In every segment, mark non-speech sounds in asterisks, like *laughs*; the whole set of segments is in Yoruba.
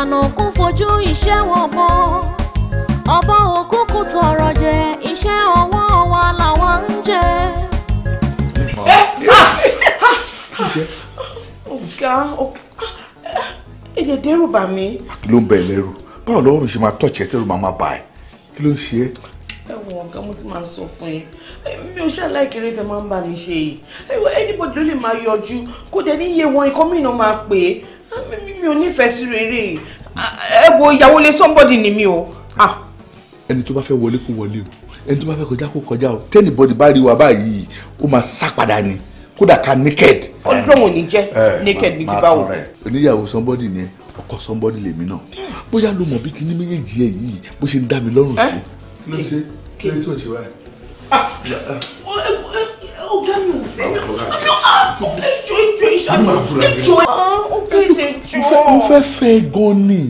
àjànàkú fojú iṣẹ́ wọn bọ́ ọ̀bọ òkúkú tọrọ jẹ iṣẹ́ ọwọ́ wa làwa ń jẹ. ọ̀gá èdè dẹ́rù bà mí. kí ló ń bẹ ẹ báwo lọ́wọ́ mi ṣe máa tọ̀ọ̀tì ẹ tẹ́rù máa máa bà ẹ́ kí ló ń ṣe é ẹwọn ọgá mo ti máa sọ fún yín mi ò ṣàlàyé kéré tẹ máa ń bá mi ṣe yìí anybody ló lè máa yọjú kó dẹ ní iye wọn ikọ́ mìíràn máa pè é mi ò nífẹ̀ẹ́ sí rere ẹ ìyàwó lé somebody ni mi o. Ah. ẹni tó bá fẹ́ wọlé kó wọlé o ẹni tó bá fẹ́ kọjá kó kọjá o tẹ́nìbọ̀dì bá rí wa báyìí ó máa sá padà ni kódà ká naked. ọlọ́run ò ní jẹ́ eh, naked bíi ti báwo. oníyàwó somebody ni ọkọ somebody lèmi náà bóyá ló mọ̀ bí kíní méjèèjì ẹ̀ yìí bó ṣe ń dá mi lọ́rùn sí. Eh? kí ló ṣe kí ló tó fẹ́ fẹ́ gan ni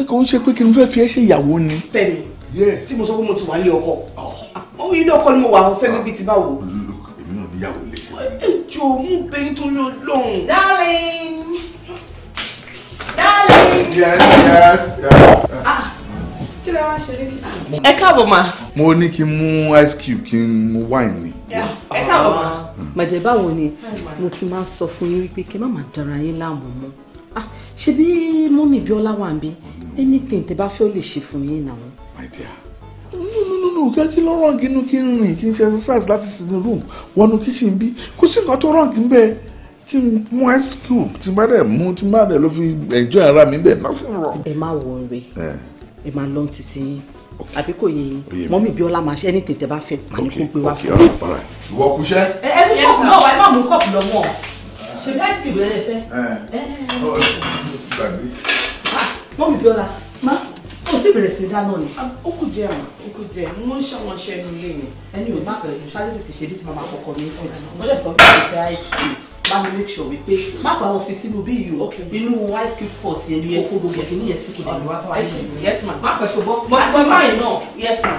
ẹ kàn ń ṣe pé kí n fẹ́ fi ẹ́ ṣe ìyàwó ni. Fẹ́mi sí mo sọ pé mo ti wà ní ọkọ oh. ah, ilé ọkọ ni mo wà ọ Fẹ́mi bíi ti báwo. èmi náà níyàwó lè ṣe. ẹjọ mú bẹ nítorí Ọlọ́run. darling ah. darling. yes yes yes. Ah kí lẹ wá ṣe ní kìtì. ẹ káàbọ̀ ma. mo ní kí n mú ice cube kí n mú wine ni. ẹ káàbọ̀ ma. Ah. màjẹ̀ báwo ni mo ti máa ń sọ fún yín wípé kí ẹ má máa dara yín láàmú mọ́ ah, ṣe bí mọ́mì bíọ́lá wà bí mm. anything tẹ bá fẹ́ ó lè ṣe fún yín náà. my dear nínú kí kí ló rọ̀ǹgì inú kí n rìn kí n ṣe exercise láti sitting room wọnú kitchen bí kò sí nǹkan tó rọ̀ǹgì ń bẹ kí n mú ice cube tí n bá dẹ̀ mú tí n bá dẹ̀ ló fi enjoy ara mi bẹ̀ nothing wrong. ẹ má wọrí ẹ máa lọ títí yín àbí kò yé yín mọ́mí bíọ́lá máa ṣe ẹni tètè bá fẹ́ àní kó gbé wá fún un. ìwọ kú iṣẹ́. ẹ ẹ mú kọ́ọ̀pù náà wá ẹ má mú kọ́ọ̀pù lọ́wọ́ ṣe bí àìsí ìwé rẹ fẹ́. mọ́mí bíọ́lá má o ti bẹ̀rẹ̀ sí dáná ni. ó kù díẹ̀ mà ó kù díẹ̀ mo ń ṣàwọn iṣẹ́ nílé mi. ẹni ò tí pẹ̀lú sáré tètè ṣe bí ti máa máa kọ̀ọ̀kan mi sí i mo dẹ̀ sọ fún mi ice cream bá mi make sure wípé má pa àwọn fi sínú bí yìí o inú ice cream pot yẹn ni kókó gbogbo kìíní yẹn sí kò dé. yes ma má pẹ̀sọ̀ bọ́ má ti bọ́ báyìí náà yes ma.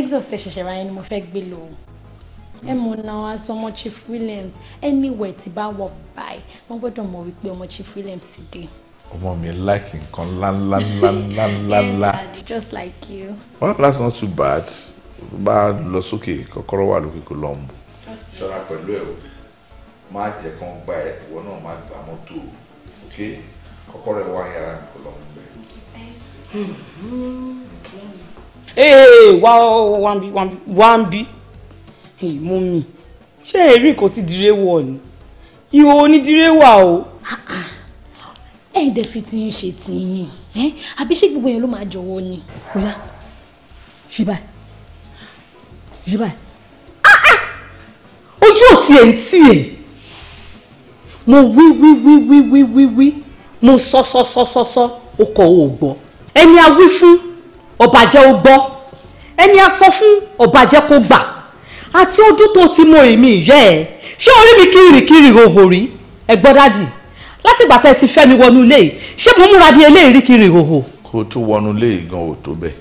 Lexus tẹ ṣẹ̀ṣẹ̀ ra yẹn ni mo fẹ́ gbé lọ ẹ mọ náà aṣọ Chief Williams anywhere tí bá wọ báyìí wọ́n gbọ́dọ̀ mọ̀ wípé ọmọ Chief Williams ti dé. ọmọ mi like nǹkan ńláńláńláńláńlá. *laughs* yes just like you. well that's not too bad bá a lọ sókè kọ́kọ́rọ́ wà lókè kó lọ́ọ́ mú. ṣọ́ra pẹ̀lú ẹ̀ o má jẹ́ kán gba ẹ̀ ìwọ náà má gba mọ́tò o ok kọ́kọ́rọ́ ẹ̀ wá yàrá kó lọ́ọ́ mú bẹ́ẹ̀ ee wá wá wambi. bí wá ń bí ee mú mi ṣé èrí nǹkan ti dire wọ ni ìhò onídìrẹ wà o. Ah, ah. ẹ ǹdẹ fi ti ń ṣe ti yín àbí ṣé gbogbo yẹn ló máa jọ̀wọ́ ni. ọ̀la ṣe báyìí ṣe báyìí ah, ojú ò tiẹ̀ ń tiẹ̀ mo wí wí wí wí wí wí wí mo sọ sọ sọ sọ sọ o kò ò gbọ́ ẹni a wí fún ọ̀bàjẹ́ ó gbọ́ ẹni a sọ fún ọ̀bàjẹ́ kó gbà àti ojú tó ti mọ èmi ìyẹ́ ẹ̀ ṣé orí mi kirikiri ìhòhò rí ẹ gbọ́ dádì látìgbà tẹ́ ẹ ti fẹ́ mi wọnú ilé yìí ṣé mo múra bí eléyìí rí kiri ìhòhò. kó o tún wọnú ilé yìí gan ò tó bẹ́ẹ̀.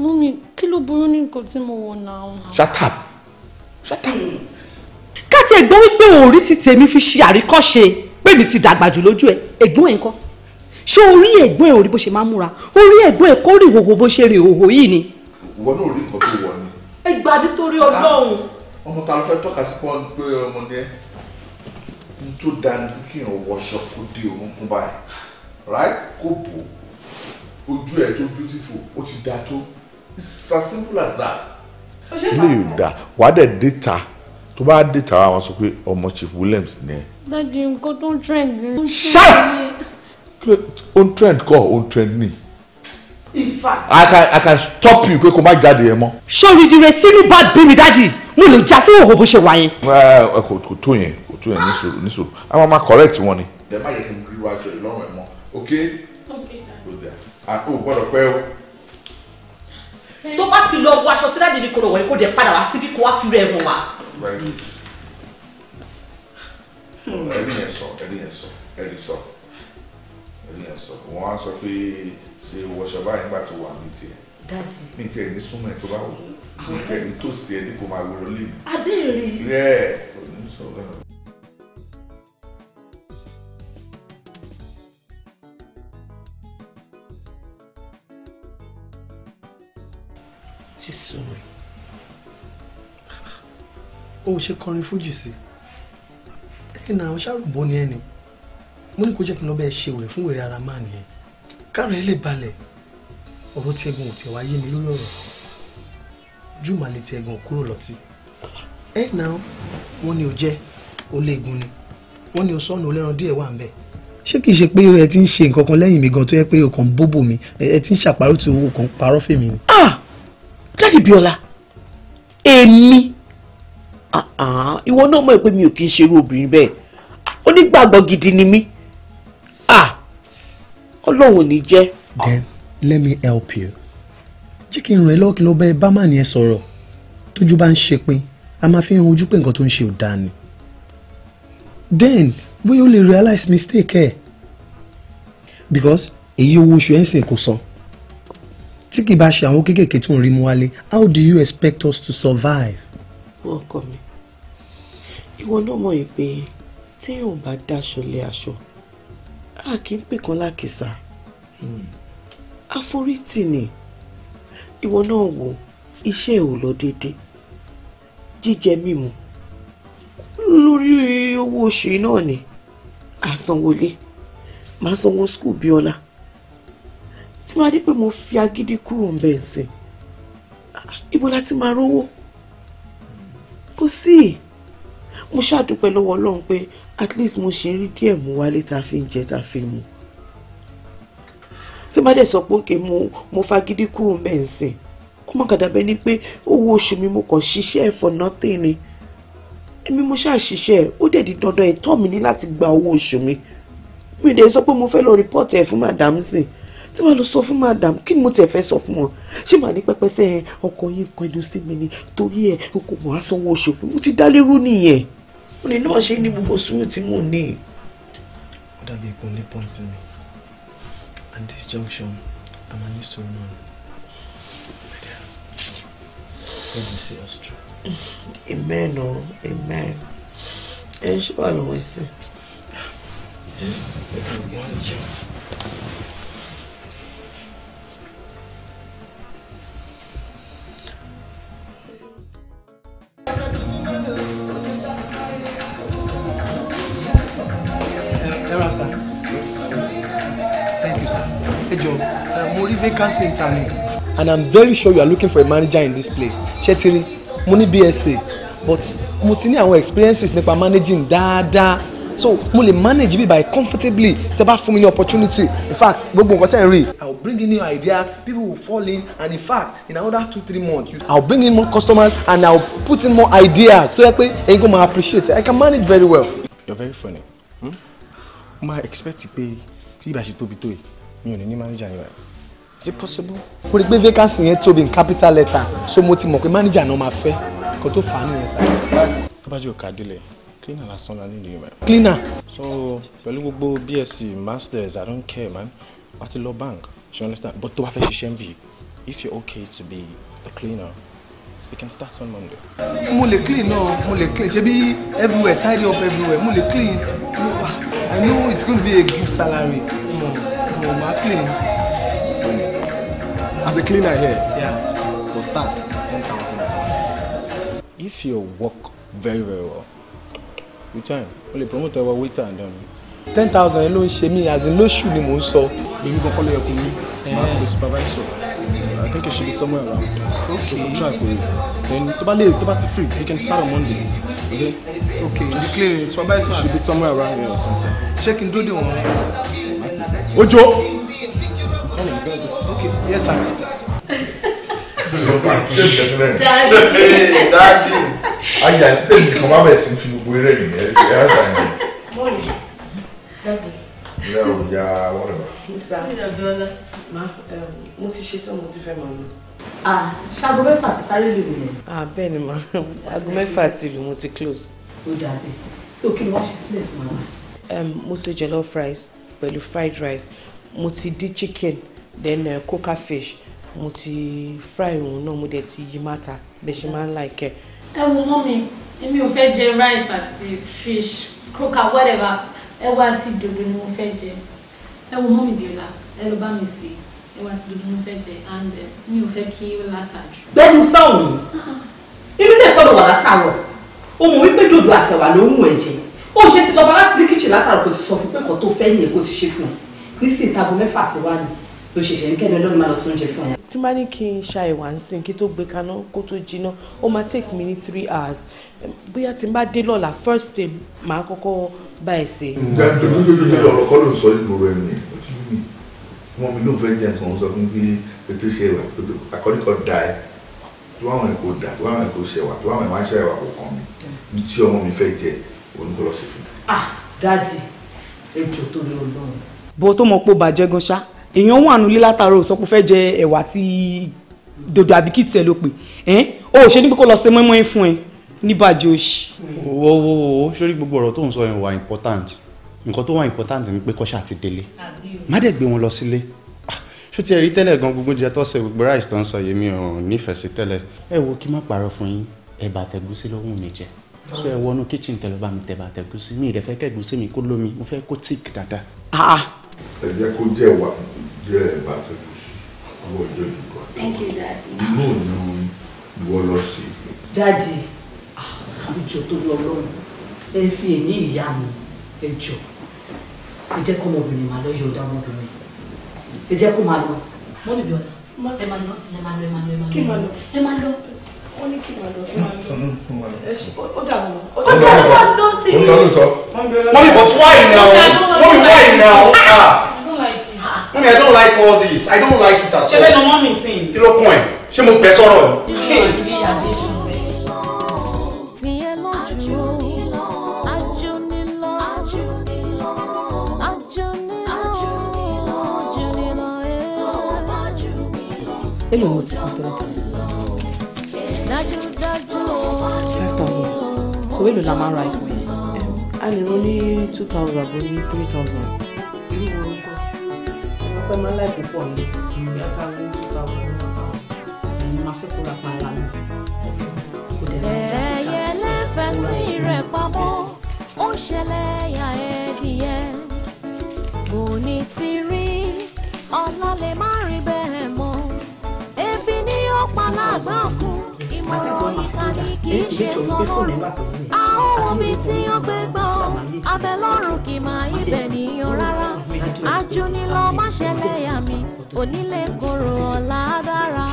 mú mi kí ló burú ní nǹkan tí mo wọ náà. shut up shut up. káàtì wípé òórí ti tèmi fi ṣe àríkọ́ṣe pé mi ti dàgbà jù lójú ẹ̀ ẹ̀gbọ́n ẹ̀ ń kọ́ ṣé orí ẹ̀gbọ́n ẹ̀ ò rí bó ṣe máa ń múra orí ẹ̀gbọ́n ẹ̀ kó rí ìhòhò bó ṣe rí ìhòhò yìí ni. ìwọ náà rí nǹkan tó wọ ni. ẹ gbà nítorí ọlọ́run. ọmọ ta ló fẹ́ tọ́ka sí pọ́n pé ọmọ ni ẹ n tó dání fún kí èèyàn wọṣọ kó dé orúnkún báyìí right kó bò ojú ẹ tó beautiful ó ti da tó it's as simple as that. ilé da. wàá dẹ̀ dé ta tó bá dé ta àwọn sọ pé ọmọ Chief Williams ni ẹ. dájú nǹkan tó ń trend. ṣáà on trend kọ́ on trend ni. in fact. i can i can stop you pé kó má jáde yẹn mọ́. sori dire tinubu bá bí mi dáàdi mo lè já sí òhò bó ṣe wà yẹn. ẹ ẹ kò tó yẹn kò tó yẹn ní sùúrù a máa ma correct wọn ni. ẹ má yẹ kí n bí wájú ẹ lọ́rùn ẹ mọ́ ok. ok sir. o gbọ́dọ̀ pẹ́ o tó bá ti lọ wọ aṣọ tí dáàdì ní koro wọlé kó dẹ padà wá síbí kó wá fi rẹ mọ wa. ẹ̀rí yẹn sọ ẹ̀rí yẹn sọ ẹ̀rí sọ ní ẹ̀sọ́ wọn á sọ pé ṣe wọṣọ báyìí nígbà tó wà ní tiẹ̀ ní tiẹ̀ ní súnmọ́ ẹ̀ tó bá wù ní tiẹ̀ ní tòsí ẹ̀ ní kò máa wúro lé mi. abéèrè rẹ̀ ti sùn mí o ṣe kọrin fújì sí ẹ̀yìn náà ṣàrùbọ ni ẹni mo ní kó jẹ́ kí n lọ bẹ́ẹ̀ ṣe òrè fún wèrè ara máa nìyẹn káàrọ̀ ẹ lè balẹ̀ ọ̀rọ̀ tí ẹ̀gbọ́n ò tẹ̀ wá yé mi lórí ọ̀rọ̀ jùmọ̀ lè tẹ ẹ̀gbọ́n kúrò lọ́tì ẹ̀ náà wọ́n ní o jẹ́ o gun ni wọ́n ní o sọ́nù olẹ́ran díẹ̀ wà ń bẹ̀ ṣé kìí ṣe pé ẹ ti ń ṣe nǹkan kan lẹ́yìn mi gan tó yẹ pé o kàn bóbò mi ẹ ti ń ṣàparọ́ tí owó kan parọ́ fèmí ni. ah dáàdì bíọ́lá èmi ah, ah, ìwọ náà mọ̀ pé mi ò kí ń ṣerú obìnrin bẹ́ẹ̀ onígbàgbọ́ gidi ni mí ọlọ́run ò jẹ́. then let me help you jẹ́ kí n ràn ẹ́ lọ́wọ́ kí n lọ bá ẹ bá ẹ sọ̀rọ̀ tójú bá ń ṣe a máa fi hàn ojú pé nǹkan tó ń ṣe ò dáa ni then bóyá o lè realize mistake ẹ because èyí owó oṣù ẹ̀ ń sìn kò san tí kì í bá ṣe àwọn kéékèèké tó ń rí mu wálé how do you expect us to survive. ọkọ mi ìwọ náà mọ̀ yìí pé téèyàn ò bá dáṣọ lé aṣọ a kì í pè kan lákìsà àforítì hmm. ni ìwọ náà wò iṣẹ́ ò lọ déédéé jíjẹ mímu lórí owó oṣù náà ni àsanwọlé màá sanwó skul bíọ́lá tí máa dé pé mo fi agídí kúrò ń bẹ̀ ń sìn ah, máa rówó kò sí i mo ṣàdúpẹ́ lọ́wọ́ ọlọ́run pé at least mo ṣì ń rí díẹ̀ mú wálé tá a fi ń jẹ tá fi mu tí bá dẹ̀ sọ pé òkè mo mo fagídí kúrò mbẹ́ ń sìn ó mọ̀ kàdà ni pé owó oṣù mi mo kàn ṣiṣẹ́ for nothing ni èmi mo ṣáà ṣiṣẹ́ ó dẹ̀ di dandan ẹ̀tọ́ mi ní láti gba owó oṣù mi mi ò dẹ̀ sọ pé mo fẹ́ lọ rìpọ́ọ̀tì ẹ̀ fún madam sìn tí màá lọ sọ fún madam kí ni mo tẹ̀ fẹ́ sọ fún wọn ṣé màá ní pẹ́pẹ́sẹ́ ọkọ yín kan ẹnu sí mi ni torí ẹ̀ o kò mọ̀ á sanwó oṣù fún mi mo ti dá lérú nìyẹn o lè náà ṣe ní gbogbo sùúrù tí mò ń ní. ó dàbí ipò ní pọ́ǹtì mi at this junction a máa ní sùúrù náà let me see us through. amen o amen ẹ ṣé wà lọ́wọ́ ẹ sí. ẹ job mo rí vacancy in town. and i'm very sure you are looking for a manager in this place Shetiri, mo ní bsa but mo ti ní àwọn experiences nípa managing dáadáa so mo lè manage bí by comfortably tẹ́ bá fún mi ní opportunity in fact gbogbo nǹkan tẹ́ ń rí. i will bring in new ideas people will fall in and in fact in another two three months you... i will bring in more customers and i will put in more ideas tó yẹ pé ẹ̀yin kò máa appreciate i can manage very well. you are very funny. Hmm? ma expect pé tí ibà ṣe tóbi tó yìí mi ò ní ní manager yẹn is it possible. mo rí i pé vacancy yẹn tóbi in capital letter so mo ti mọ̀ pé manager náà máa fẹ́ kó tó fà á nìyẹn sá. tábàjì ò kájúlẹ̀ cleaner lásán la nílùú yìí cleaner. so pẹ̀lú gbogbo bsc masters i don't care man wá ti lọ bank she understand but tó bá fẹ́ ṣiṣẹ́ ń bì if you're okay to be a cleaner we can start on monday. mo lè clean náà mo lè clean ṣebí everywhere tidy up everywhere mo lè clean ah, i know it's gonna be a good salary. Mm. No, ma clean. As a cleaner here, yeah. For start, 10,000. If you work very, very well, with time, only promote our waiter and then. ten thousand ló Shemi. as in lóṣù ni mò ń sọ. èyí kan kọ́ ló yẹ kó eh. supervisor i think it should be somewhere around okay. so try for you then tó bá lè to free You can start on monday okay okay just clear supervisor should be somewhere around here or something. ṣé kí n dúró dè Ojo. Okay, yes sir. Daddy. Daddy. Ayé àti tẹ̀lé kan máa bẹ̀rẹ̀ sí fi gbogbo eré rìn ẹ̀ ẹ̀ ẹ̀ ẹ̀ ẹ̀. Daddy. Ilé ọ̀rọ̀ ya wọ́n rẹ̀ wá. Mr. Abiola, mo ti ṣetán mo ti fẹ́ máa lọ. Ah, ṣaago mẹ́fà ti sáré lè wò yẹn. Ah, bẹ́ẹ̀ ni ma, aago mẹ́fà ti lù mo ti close. Ó dàbẹ̀, so kí ni wọ́n ṣe sílẹ̀ fún wa? Um, mo ṣe jollof rice pẹ̀lú fried rice mo ti dín chicken then uh, coca fish mo ti fry òun náà mo dẹ̀ ti yí mata bẹ́ẹ̀ ṣe máa ń like ẹ̀. ẹ wo mọ́ mi èmi ò fẹ́ jẹ rice àti fish coca whatever ẹ wá àti dòdò ni mo fẹ́ jẹ ẹ wo mọ́ mi dèlà ẹ lọ bá mi sè é ẹ wá àti dòdò ni mo fẹ́ jẹ and eh, mi ò fẹ́ kí ó láta jù. gbẹ́nu sọ̀rọ̀ ah, ah. inú lè kọ́ ló wà látàrọ̀ ohun wípé dòdò àtẹ̀wà ló ń wọ̀ ẹ̀jẹ̀ ó ṣe ti lọ́ba láti ní kíchìn látàrí kò ti sọ fún pé nǹkan tó fẹ́ yẹn kó ti ṣe fún un nísìnyí ìtago mẹ́fà àti wá ni ló ṣẹ̀ṣẹ̀ ní kẹ́ni ọlọ́run máa lọ sóúnjẹ fún un. tí máa ní kí n ṣa ìwà ń sìn kí tó gbé kaná kó tó jiná ó máa take me ní three hours bóyá tí n bá dé lọ́la first day màá kọ́kọ́ bá ẹ̀ ṣe. ǹjẹ́ ìdúró yìí ọ̀rọ̀ kọ́ ló ń sọ ìgboro ẹ̀ nìyẹn wọn mi ló ń fẹ́ jẹ nǹkan sọ fún bí ètò ṣe wà àkọ́díkọ́ da ẹ tí wọ́n àwọn ẹ̀kọ́ da tí wọ́n àwọn ẹ̀kọ́ ṣẹ̀wà tí wọ́n àwọn ẹ̀wà ṣẹ̀wà kò kàn mí tí ọmọ mi fẹ́ jẹ oníkọlọ sí ah dáàdì ejò tó lé Ọlọ́run. bó tó mọ pé ó bàjẹ́ gan ṣá èèyàn wà nílé látàárọ̀ sọ pé ó fẹ́ jẹ ẹ̀wà tí dòdò àbíkí tiẹ̀ ló pè ẹ́ o ò ṣe níbi kó lọ ṣe mọ́ínmọ́ín fún ẹ níbàjẹ́ òṣì. wo wo wo sórí gbogbo ọ̀rọ̀ tó ń sọ yẹn wà important nǹkan tó wà important ni pé kọ́ṣà ti délé má dẹ̀ gbé wọn lọ sílé ah, ṣó ti ẹ̀rí tẹ́lẹ̀ gan gbogbo jẹ tọ́sẹ̀ gbogbo rice tó ń sọ yèmí ò nífẹ̀ẹ́ sí tẹ́lẹ̀ ẹ wo kí má parọ́ fún yín ẹ bàtẹ́gúsí lọ́wọ́ mi jẹ́ so ẹ wọnú kitchen kẹlẹ bá mi tẹ bá tẹ gúsí mi ìrẹfẹ kẹ gúsí mi kó lómi mo fẹ kó tíìkì dáadáa. Ah! ẹ jẹ́ kó jẹ́ wà jẹ́ ẹ̀bà tẹ gúsí ọwọ́ ìjọ ìdúgbò àti inú ìlú ìwọ lọ sí. dáàdi ah, àwùjọ tó lọ lọ́rùn ẹ fi èmi ìyá mi ẹ jọ ẹ jẹ́ kó ọmọbìnrin máa lọ yọ ọ̀dà ọmọbìnrin ẹ jẹ́ kó máa lọ. mọ́bìbí ọ̀la ẹ máa lọ ẹ máa lọ ẹ máa lọ ẹ máa lọ ó ní kí n máa lọ sí máa lọ. ó dàbọ̀ mọ́. ó dàbọ̀ mọ́ ló ti rí. mọ́mí but why now mọ́mí why now. Ah! Ah! mọ́mí I don't like all this I don't like it at all. ṣé bẹ́ẹ̀ ni mọ́mí sìn. kí ló kún ẹ̀ ṣé mo bẹ̀ sọ̀rọ̀ ni. ilé ìṣubí mo ti fún tẹ́lẹ̀ ìgò èlò la máa ra ìgò yẹn. a lè ro ní two thousand àbò ní three thousand. irú máa láì púpọ̀ ni bí ká rí two thousand ní ọ̀kan ẹ̀yin máa fẹ́ kó ra pa mi. ẹ̀yẹ lẹ́fẹ̀ẹ́ sí rẹ̀ pamọ́ ó ṣẹlẹ̀ yà ẹ́ kò ní ti rí ọ̀la lè má rí bẹ́ẹ̀ mọ́ ebi ni ó pa lágbàkú máa tẹ̀sán máa fi kọjá èyí ti jẹ́ ìṣòro pé fóònù ẹ̀ wà pẹ̀lú mi. àwọn omi tí ó gbé gbọ́ abẹ lọ́rùn kì máa yí bẹ̀ níyan rárá ajúnilọ́ má ṣẹlẹ̀ yà mí onílé koro ọ̀la dára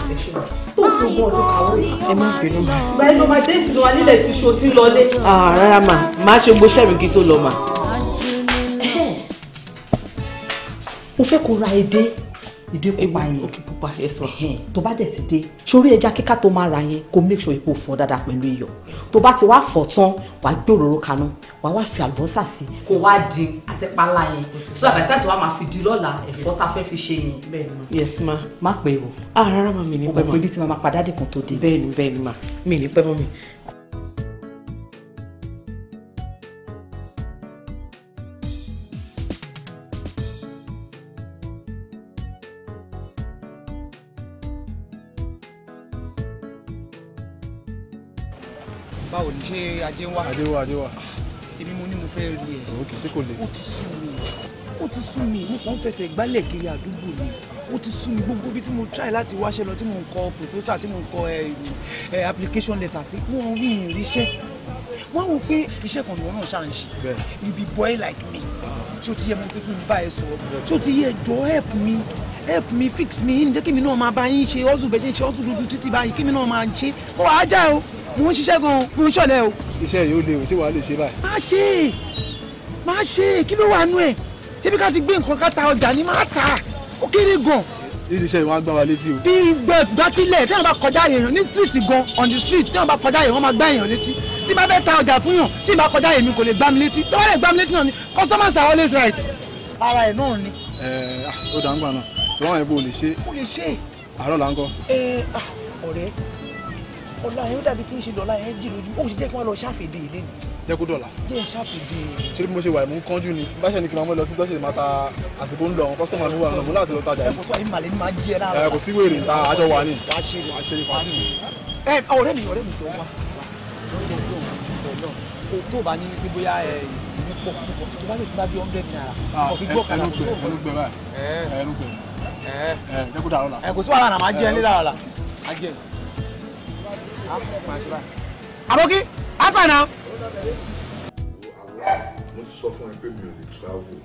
báyìí kọ́ ni ó máa rí lọ. báyìí ló máa dé ìsinmi wa nílẹ̀ tí ṣo ti lọlé. rárá mà má ṣe gbó sẹ́mi kí tó lọ mà. mo fẹ́ kó ra edé ìdí pupa yẹn òkè pupa yes ma tó bá dẹ̀ ti dé sórí ẹja kíká tó máa ra yẹn kó make sure ipò fọ dáadáa pẹ̀lú iyọ̀ tó bá ti wá fọ̀ tán wàá gbé òróró kaná wàá wá fi àlùbọ́sà sí. kó wá di àti pala yẹn so that by the time tó wá máa fi di lọ́la ẹ̀fọ́ tá a fẹ́ fi ṣe yẹn. bẹ́ẹ̀ni ma yes ma. má pẹ́ o. ah rárá ma mi ní pẹ́ ma. o mọ̀ pé bí ti ma ma padà dé kan tó dé. bẹ́ẹ̀ni bẹ́ẹ̀ni ma mi ní pẹ́ mọ́ mi ajé wa. ajé wa ajé wa. èmi mo ní mo fẹ́ rí ẹ. òkè sí kò le. ó ti sú mi ó ti sú mi mo kàn ń fẹsẹ̀ gbálẹ̀ kiri àdúgbò mi ó ti sú mi gbogbo bí mo try láti wáṣẹ́ lọ tí mo ń kọ proposal tí mo ń kọ eh, eh, application letter sí fún wọn rí ìrìnsẹ́ wọ́n wò pé iṣẹ́ kan lọ́nà ṣáà ń ṣe you be boy like me ah. ṣó ti yẹ mo pé kí n bá ẹ sọ ṣó ti yẹ jọ help me help me fix me ǹjẹ́ kí mi náà máa bá yín ṣe ọ́sùn bẹ́ẹ̀ ṣe ọ́sùn dúdú títí báyìí kí mi náà máa ṣe ó wàá já o mo ń ṣiṣẹ́ gan mo ń ṣọ̀lẹ o. iṣẹ́ yìí ó le o ṣé wàá lè ṣe báyìí. má ṣe é má ṣe é kí ló wà nú ẹ̀ tẹ́bí ká ti gbé nǹkan ká ta ọjà ni má ta ó kéré gan. lílì iṣẹ́ ìwọ̀n agbára létí o. bí gbàtílẹ̀ téèyàn bá kọjá èèyàn ní street gan on the street téèyàn bá kọjá èèyàn wọ́n máa gbá èèyàn létí tí bá fẹ́ ta ọjà fún yàn tí bá kọjá èmi kò lè gbá mi létí tó gbá mi létí náà ni customers are always right. ara ẹ̀ náà ni. ẹ ẹ ah, ó dàgbà náà tó bá wọn yẹn bó o lè ṣe. o lè ṣe. àárọ̀ là ń kọ́. ẹ ah, ọ̀rẹ́ ọ̀la yẹn ó dàbí kí n ṣe dọ̀la yẹn jì lójú ó sì jẹ́ kí wọ́n lọ ṣàfìdí ilé ni. jẹ́ kó dọ̀la. jẹ́ ṣàfìdí. ṣé bí mo ṣe wà mú kánjú ni bá ṣe ni kí n máa lọ sí tọ́sí máa ta àsìkò ń lọ àwọn kọ́sítọ́mù àmì wà lọ́mọ láti lọ tajà. ẹ kò sọ ìmàlè ni máa jẹ lára. ẹ kò sí wèrè ta àjọ wà ní. ọ̀rẹ́ mi ọ̀rẹ́ mi tó wá tó bá ní pé bóyá ìlú pọ̀ tó bá lè fi bá bí hundred naira. ẹnu pẹ ẹnu pẹ báyìí ẹnu pẹ ẹ jẹ́ kó dà lọ́la. ẹ kò sí wàhálà náà máa jẹ ẹ nílẹ̀ àlà àbókí afa náà. mo ti sọ fún ẹ pé mi ò lè travel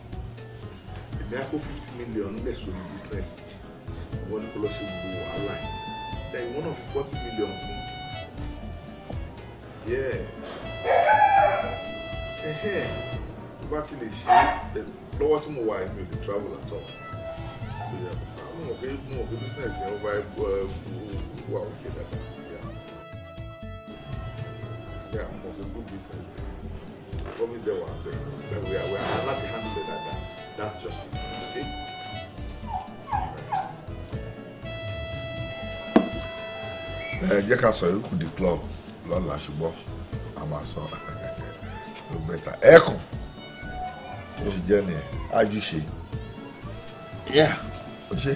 èmi á kó fifty million lẹ̀ sórí business wọn ní kó lọ ṣe gbogbo wàhálà yìí lẹ́yìn wọn náà fi forty million fún ẹ̀hẹ́n tó bá ti lè ṣe eh, lọ́wọ́ tí mo wà èmi ò lè travel at all ah, mo mọ̀ pé business yẹn ó bá eh, wà òkè dáadáa care of a good business probably there will happen but we are we are láti handle it like that that's just it okay. ẹ jẹ́ ká sọ yòókù di club lọ́la ṣùgbọ́n a máa sọ *laughs* ló bẹ́ta ẹ̀kùn ó sì jẹ́ nìyẹn ájú ṣe ó ṣe.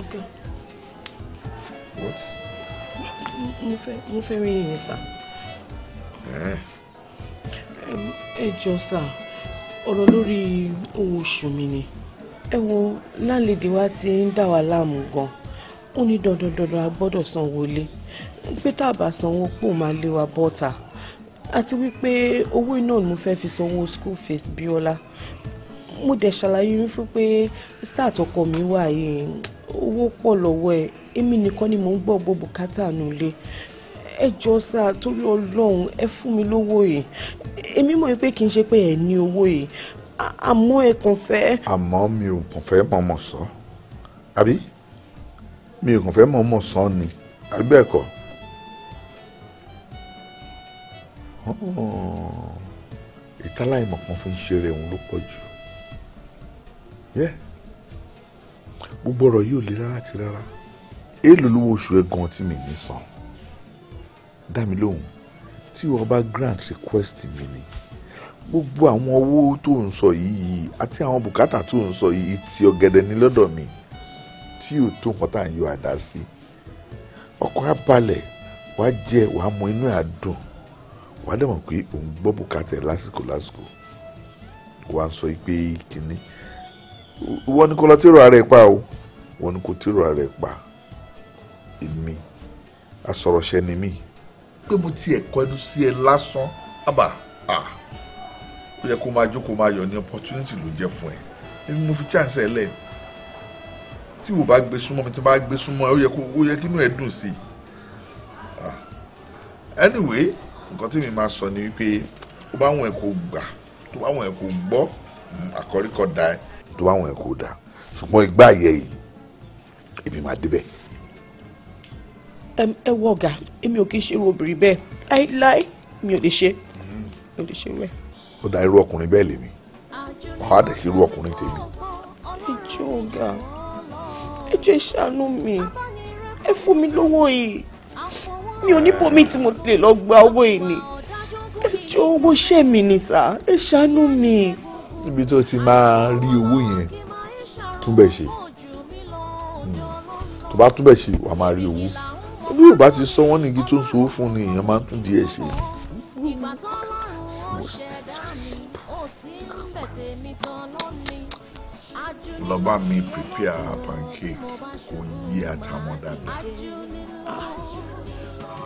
ọ̀gá. what mo fẹ́ mo fẹ́ rí yín sà. ẹ jọ sà ọ̀rọ̀ lórí owó oṣù mi ni ẹ wo láǹlẹ̀dẹ̀ wa ti ń dà wá láàmú gan ó ní dandan dandan a gbọ́dọ̀ sanwó lé pé tá a bá sanwó pò máa lé wa bọ́ta àti wípé owó náà ni mo fẹ́ fi sanwó school fees Bíọ́lá mo dẹ̀ ṣàlàyé wípé star tọkọ mi wà yìí owó pọ̀ lọ́wọ́ ẹ̀ èmi nìkan ni mò ń gbọ́ gbogbo bùkátà nulẹ̀ ẹ jọ sá torí ọlọ́run ẹ fún mi lówó yìí èmi mọ̀ pé kì í ṣe pé ẹ ní owó yìí àmọ́ ẹ kàn fẹ́. àmọ́ mi ò kàn fẹ́ mọ̀ọ́mọ̀ sọ àbí mi ò kàn fẹ́ mọ̀ọ́mọ̀ sọ ni àbí bẹ́ẹ̀ kọ́ ìtàláìmọ̀ kan fi ń ṣeré òun ló pọ̀ jù yes gbogbo ọ̀rọ̀ yìí ò le rárá ti rárá èèlò lówó oṣù ẹ gan tí mi ní san dá lóhùn tí o grant request mi ni gbogbo àwọn owó tó ń sọ yìí àti àwọn bùkátà tó ń sọ yìí ti ọ̀gẹ̀dẹ̀ ní lọ́dọ̀ mi tí ò tó nǹkan tá à ń yọ àdá sí ọkọ̀ á balẹ̀ wàá jẹ wàá mọ inú ẹ̀ á dùn wàá dẹ̀ mọ̀ pé òun gbọ́ bùkátà ẹ̀ lásìkò lásìkò wàá sọ pé kínní wọ́n ní kó lọ tèrò ara ẹ̀ pa o wọ́n ní kó tèrò ara ẹ̀ pa o èmi asọ̀rọ̀ṣẹ́ ni mí pé mo tiẹ̀ kọ ẹnu sí ẹ lásán àbá à ó yẹ kó máa jókòó máa yọ ní opportunity ló jẹ́ fún ẹ èmi mo fi chance ẹ lẹ̀ tí wò bá gbé súnmọ́ mi tí wọ́n bá gbé súnmọ́ ẹ ó yẹ kó ó yẹ kí ẹ dùn sí i anyway nǹkan tí mi máa sọ ni wípé tó bá wọn ẹ kò gbà tó bá wọn ẹ kò gbọ́ mm, àkọ́ríkọ́ da ẹ tó bá wọn ẹ kò dà ṣùgbọ́n ìgbà ayẹ èmi máa débẹ̀ ẹ wọ ọ̀gá èmi ò kí ń ṣe irú obìnrin bẹ́ẹ̀ láíláí mi ò lè ṣe mi ò lè ṣe irú ẹ̀. ó dá irú ọkùnrin bẹ́ẹ̀ lèmi wàá dẹ̀ sí irú ọkùnrin tèmi. ẹjọ́ ọ̀gá ẹjọ́ ìṣàánú mi ẹ fún mi lówó yìí mi ò ní bomi tí mo lè lọ gba owó yìí ni ẹjọ́ owó ṣẹ́ mi ni sà ẹ ṣàánú mi. níbi tó ti máa rí owó yẹn túbẹ̀ ṣe hmm. tó bá túbẹ̀ ṣe wàá máa rí owó bí ò bá ti sọ wọ́n ní igi tó ń so fún ni èèyàn máa ń tún díẹ̀ ṣe. lọ́ba mi prepare pancake kò yí àtàwọn ah. dàbí.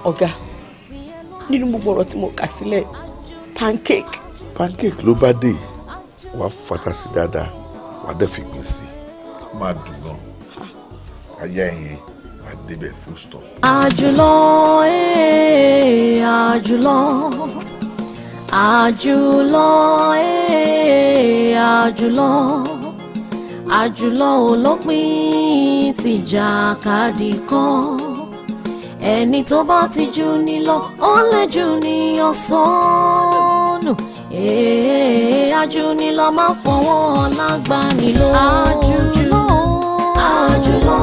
ọ̀gá nínú gbogbo ọ̀rọ̀ tí mo kà sílẹ̀ pancake. pancake ló bá dé wà á fata sí dáadáa wà á dẹ̀ fi gbìn sí i máa dùn náà ayé ẹ̀yìn wà débẹ̀ full stop. àjùlọ ee eh, àjùlọ àjùlọ ee eh, àjùlọ àjùlọ olópin ti jàkadì kan ẹni tó bá ti jù ní lọ ó lè jù ní ọ̀sán eh, àjù ni lọ máa fọwọ́ ọ̀la gbani àjùlọ àjùlọ.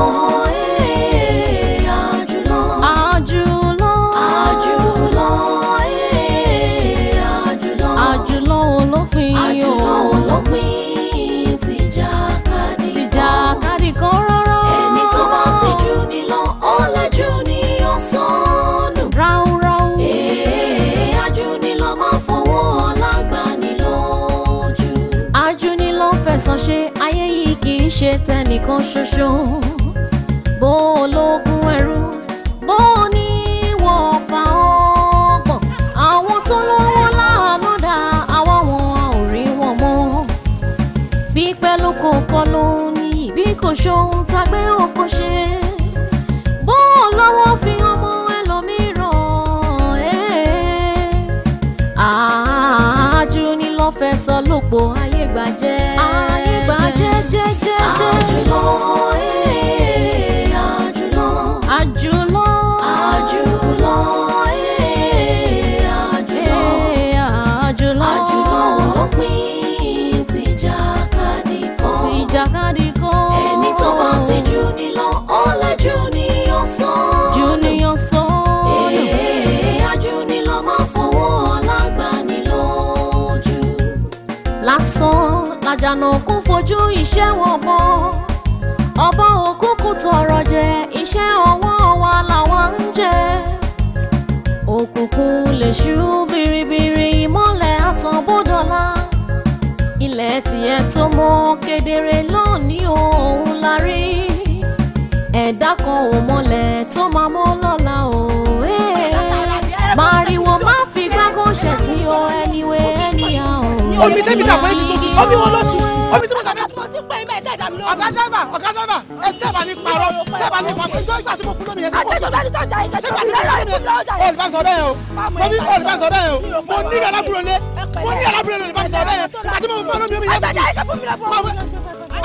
òpin ti jàkadì kan. ti jàkadì kan rárá. ẹni tó bá ti jù ní lọ ọ̀làjú ni ó sọnù. ráú ráú. èè ajúnilọ́ máa fọwọ́ lágbàánilójú. ajúnilọ́ fẹ̀sán ṣe ayé yìí kì í tẹnìkan ṣoṣo bó ológun ẹrú bó ní. ṣohun tá gbé oko ṣe bó lọ́wọ́ fi ọmọ ẹlòmíràn eh. àájú ni lọ́ fẹ́ sọ lọ́pọ̀ ayé gbàjẹ́ ayé gbàjẹ́ jẹ́jẹ́ jẹ́ àjùlọ ẹ̀. ọ̀làjú ni lọ ọ̀làjú ni yọ sán. jù ni yọ sán. ee ajú ni lọ máa fọwọ́ ọ̀làgbà ni lójú. lásán làjànà kún fojú iṣẹ́ wọn mọ́ ọbọ̀ òkúkú tọrọ jẹ iṣẹ́ ọwọ́ wa làwa ń jẹ òkùnkùn lè ṣú biribiri ìmọ́lẹ̀ àtànbọ́dọ̀la ilẹ̀ tiẹ̀ tó mọ́ kedere lónìí òun la rí ẹ̀dá kan ò mọlẹ̀ tó máa mọ́ lọ́la o. màrìwò má fi gbágùn ṣẹ̀ sí o ẹniwé ẹniyà o. omi tẹ́bi tà fún ẹ ti tó omi wo ló ti. omi tí mo tà fẹ́ ti pẹ́ mẹ́ ẹ̀dá ìdàmú lórí. ọ̀gá dọ́gba ọ̀gá dọ́gba ẹ tẹ́ba ní parọ́ tẹ́ba ní parọ́ ìjọ ìgbà tí mo fún lómi yẹn. àtẹ̀jọ́ ní sọ̀jà yìí kẹ́sì ọ̀gá dọ́gba yìí. olùbá sọ bẹ́ẹ̀ o bẹ́ẹ̀ o mo ní ìyàrá búrò lé mo ní ìyàrá búrò lé bẹ́ẹ̀ àti mo fún lómi yẹn. àtẹ̀jọ́ yìí kẹ́ fún mi lọ́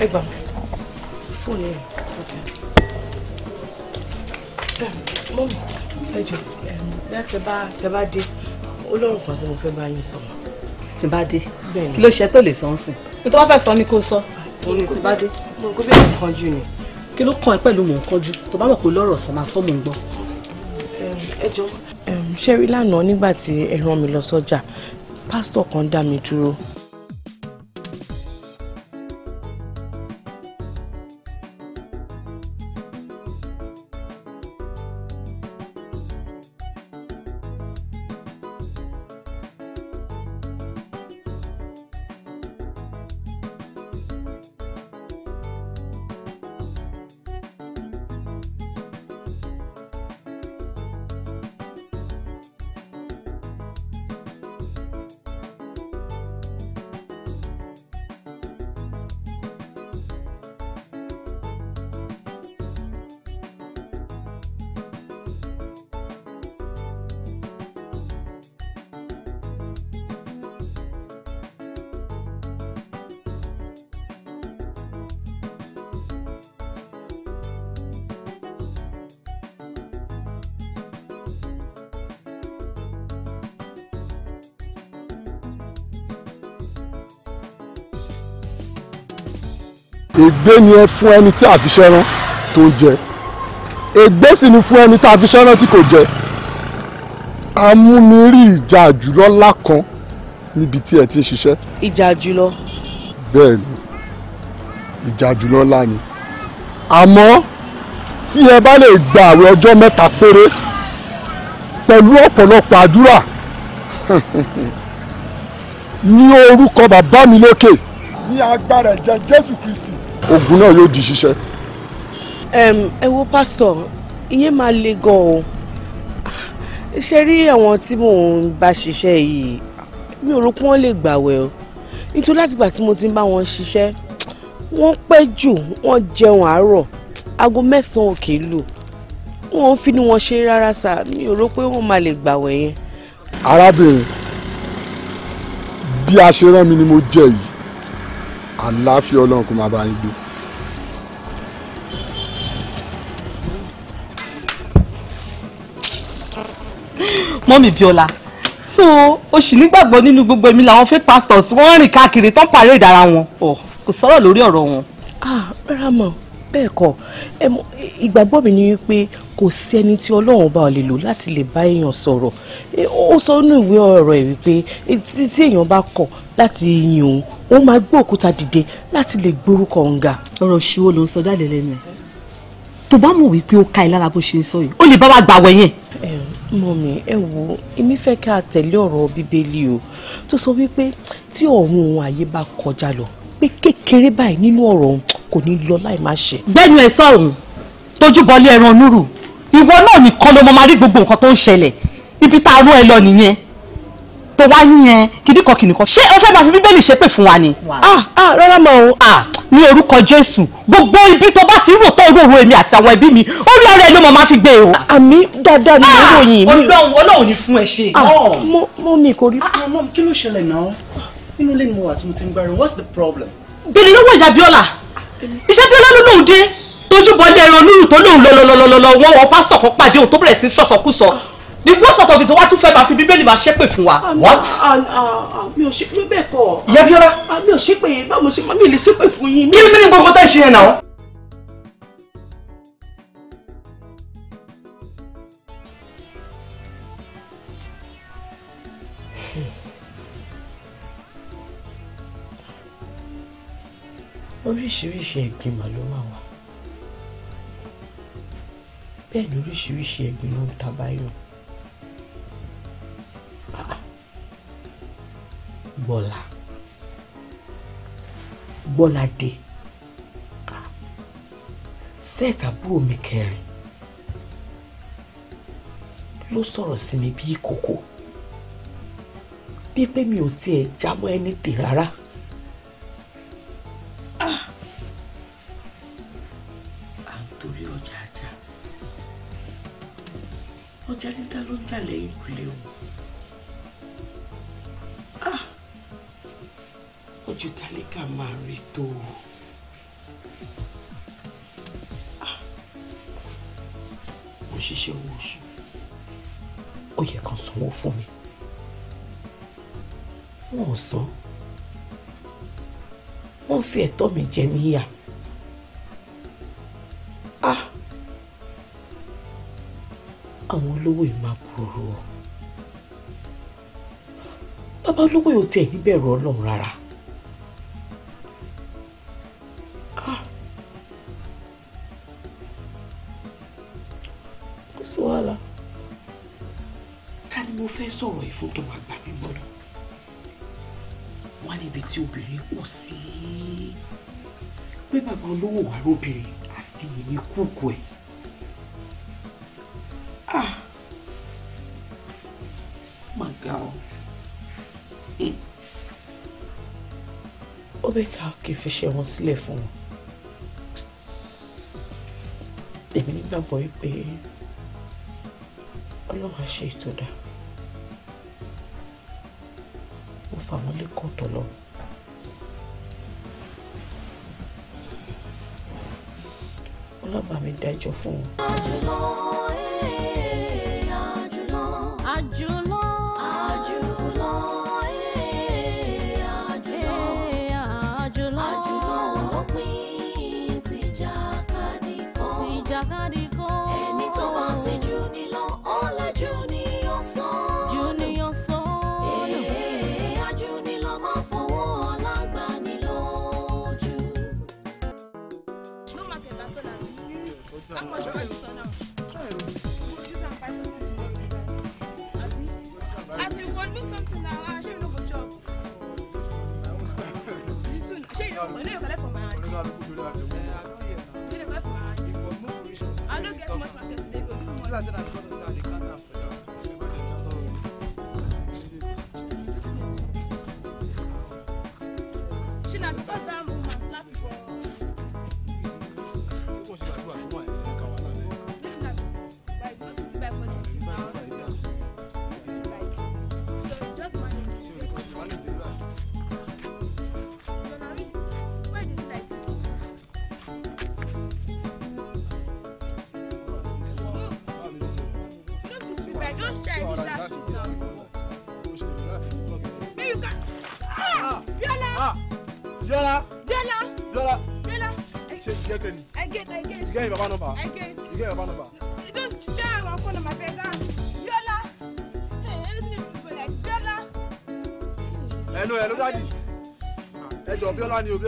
Ẹ gbà mí. Fóònù yẹn. mọ́mí ẹ jọ bí a tẹ bá tẹ bá dé olóòrùn kan tí mo fẹ́ bá yín sọ. tí bá dé kí ló ṣe tó lè sọ ń sìn ní tó bá fẹ́ sọ ni kò sọ òun ni tí bá dé. mo kó bí mò ń kánjú ni. kí ló kàn ẹ́ pẹ̀lú mò ń kánjú tó bá mọ̀ pé lọ́rọ̀ sọ máa sọ mò ń gbọ́. ẹ jọ. ṣé rí lánàá nígbà tí ẹ rán mi lọ sọ́jà pásítọ̀ kan dá mi dúró ègbé ni ẹ fún ẹni tí àfiṣẹ́ rán tó ń jẹ ègbé sì ni fún ẹni tí àfiṣẹ́ rán tí kò jẹ amúnirí ìjà jùlọ ńlá kan níbi tí ẹ ti ń ṣiṣẹ́. ìjà jùlọ. bẹ́ẹ̀ ni ìjà jùlọ ńlá ni àmọ́ tí ẹ bá lè gba àwẹ̀ ọjọ́ mẹ́ta péré pẹ̀lú ọ̀pọ̀lọpọ̀ àdúrà *laughs* ní orúkọ bàbá mi lókè. ní agbára ẹ̀jẹ̀ jésù kristi ogun náà yóò di ṣiṣẹ́. ẹ wo pásítọ̀ ìyẹn máa le gan o ṣe rí àwọn tí mò ń bá ṣiṣẹ́ yìí mi ò rò pé wọ́n lè gbàwẹ̀ o nítorí látìgbà tí mo ti ń bá wọn ṣiṣẹ́ wọ́n pẹ́ jù wọ́n jẹun àárọ̀ aago mẹ́sàn òkè lù wọ́n fi ni wọ́n ṣe rárá sá mi ò rò pé wọ́n máa lè gbàwẹ̀ yẹn. arábìnrin bí a ṣe rán mi ni mo jẹ yìí àláfíà ọlọ́run kò máa bá yín gbé. mọ́mì bíọ́lá so o sì nígbàgbọ́ nínú gbogbo ẹ̀mí làwọn fake pastors wọ́n rìn káàkiri tán parade ara wọn kò sọ̀rọ̀ lórí ọ̀rọ̀ wọn. ah rárá mọ́ bẹ́ẹ̀ kọ́ ìgbàgbọ́ mi ni wípé kò sí ẹni tí ọlọ́run bá lè lò láti lè bá èèyàn sọ̀rọ̀ ó sọ nínú ìwé ọ̀rọ̀ ẹ̀ wípé tí èèyàn bá kọ̀ láti yìn òun ó máa gbé òkúta dìde láti lè gborúkọ òun ga. ọ̀rọ̀ ṣíwó ló ń sọ jáde lẹ́nu ẹ̀ tó bá mọ̀ wípé ó ka ẹ lára bó ṣe ń sọ yìí ó lè bá wa gbàwẹ̀ yẹn. mọ̀mí ẹ wo èmi fẹ́ ká tẹ̀lé ọ̀rọ̀ bíbélì o tó sọ wípé tí ọ̀run òun àyè bá kọjá lọ pé kékeré báyìí nínú ọ̀rọ̀ òun kò ní lọ láì má ṣe. gbẹ́nu ẹ̀ sọ̀rùn tójú bọlé ẹran onúrù ìwọ náà nìkan ló mọ máa rí gbogbo nǹkan tó ń ṣẹlẹ̀ ibi tá a rún ẹ lọ nìyẹn tó wá yíyan kìdíkan kìnìkan ṣé o fẹ́ máa fi bíbélì ṣépè fún wa ni. ah ah rárá mọ́ o. ah ní orúkọ jésù gbogbo ibi tó bá ti rò tó ròrò èmi àti àwọn ẹbí mi orí ara ẹ ló mọ máa fi gbé e o. àmì dáadáa ni ìròyìn mi. ọlọ́run ọlọ́run ni fún ẹ ṣe. mo mo ní ìkórí. ọlọ́run kí ló ṣẹlẹ̀ náà nínú ilé mo wà tí mo ti ń gbẹ́rù what's the problem. bèrè lọ́wọ́ ìyá bíọ́lá iṣẹ́ bíọ́lá ló lóun dé tójú bọ́lé ẹran onírù tó lóun lọ́lọ́lọ́lọ́lọ́ wọn wọn pásítọ̀ kan pàdé òun tó bẹ̀rẹ̀ sí sọ̀sọ̀kúsọ the worst part of it wá tún fẹ́ máa fi bíbélì máa ṣépè fún wa. what. mi ò ṣépè bẹ́ẹ̀ kọ́. ìyá bíọ́lá. mi ò ṣépè báwo ṣe mi lè ṣépè fún yín. kí ló fi ní gbogbo tá ìṣe yẹn náà. oríṣiríṣi ẹ̀gbin mà ló máa wà bẹ́ẹ̀ ni oríṣiríṣi ẹ̀gbin ló ń ta báyọ̀ gbọ́là ah, ah. gbọ́là dé ah. set àbúrò mi kẹrin ló sọ̀rọ̀ sí mi bí kókó bí pé mi ò tiẹ̀ jábọ́ ẹni tè rárá. tọ́ mi jẹ níyà ah àwọn olówó yìí máa burú o bàbá olówó yìí ò tiẹ̀ níbẹ̀rù ọlọ́run rárá ah kò sí wàhálà ta ni mo fẹ́ sọ̀rọ̀ ìfún tó máa gbà mí gbọ́dọ̀ wá níbi tí obìnrin pọ̀ sí i obìnrin àfi èmi kúkú ẹ̀ ah má ga ọ ó bẹ́ẹ̀ ta kì í fi ṣe wọn sílẹ̀ fún wọn èmi nígbàgbọ́ pé ọlọ́run á ṣe ìtọ́dá mo fà wọ́n lé kọ́ọ̀tọ̀ lọ́wọ́. bá mi dájọ́ fún wọn. 딱 맞춰가지고 그냥.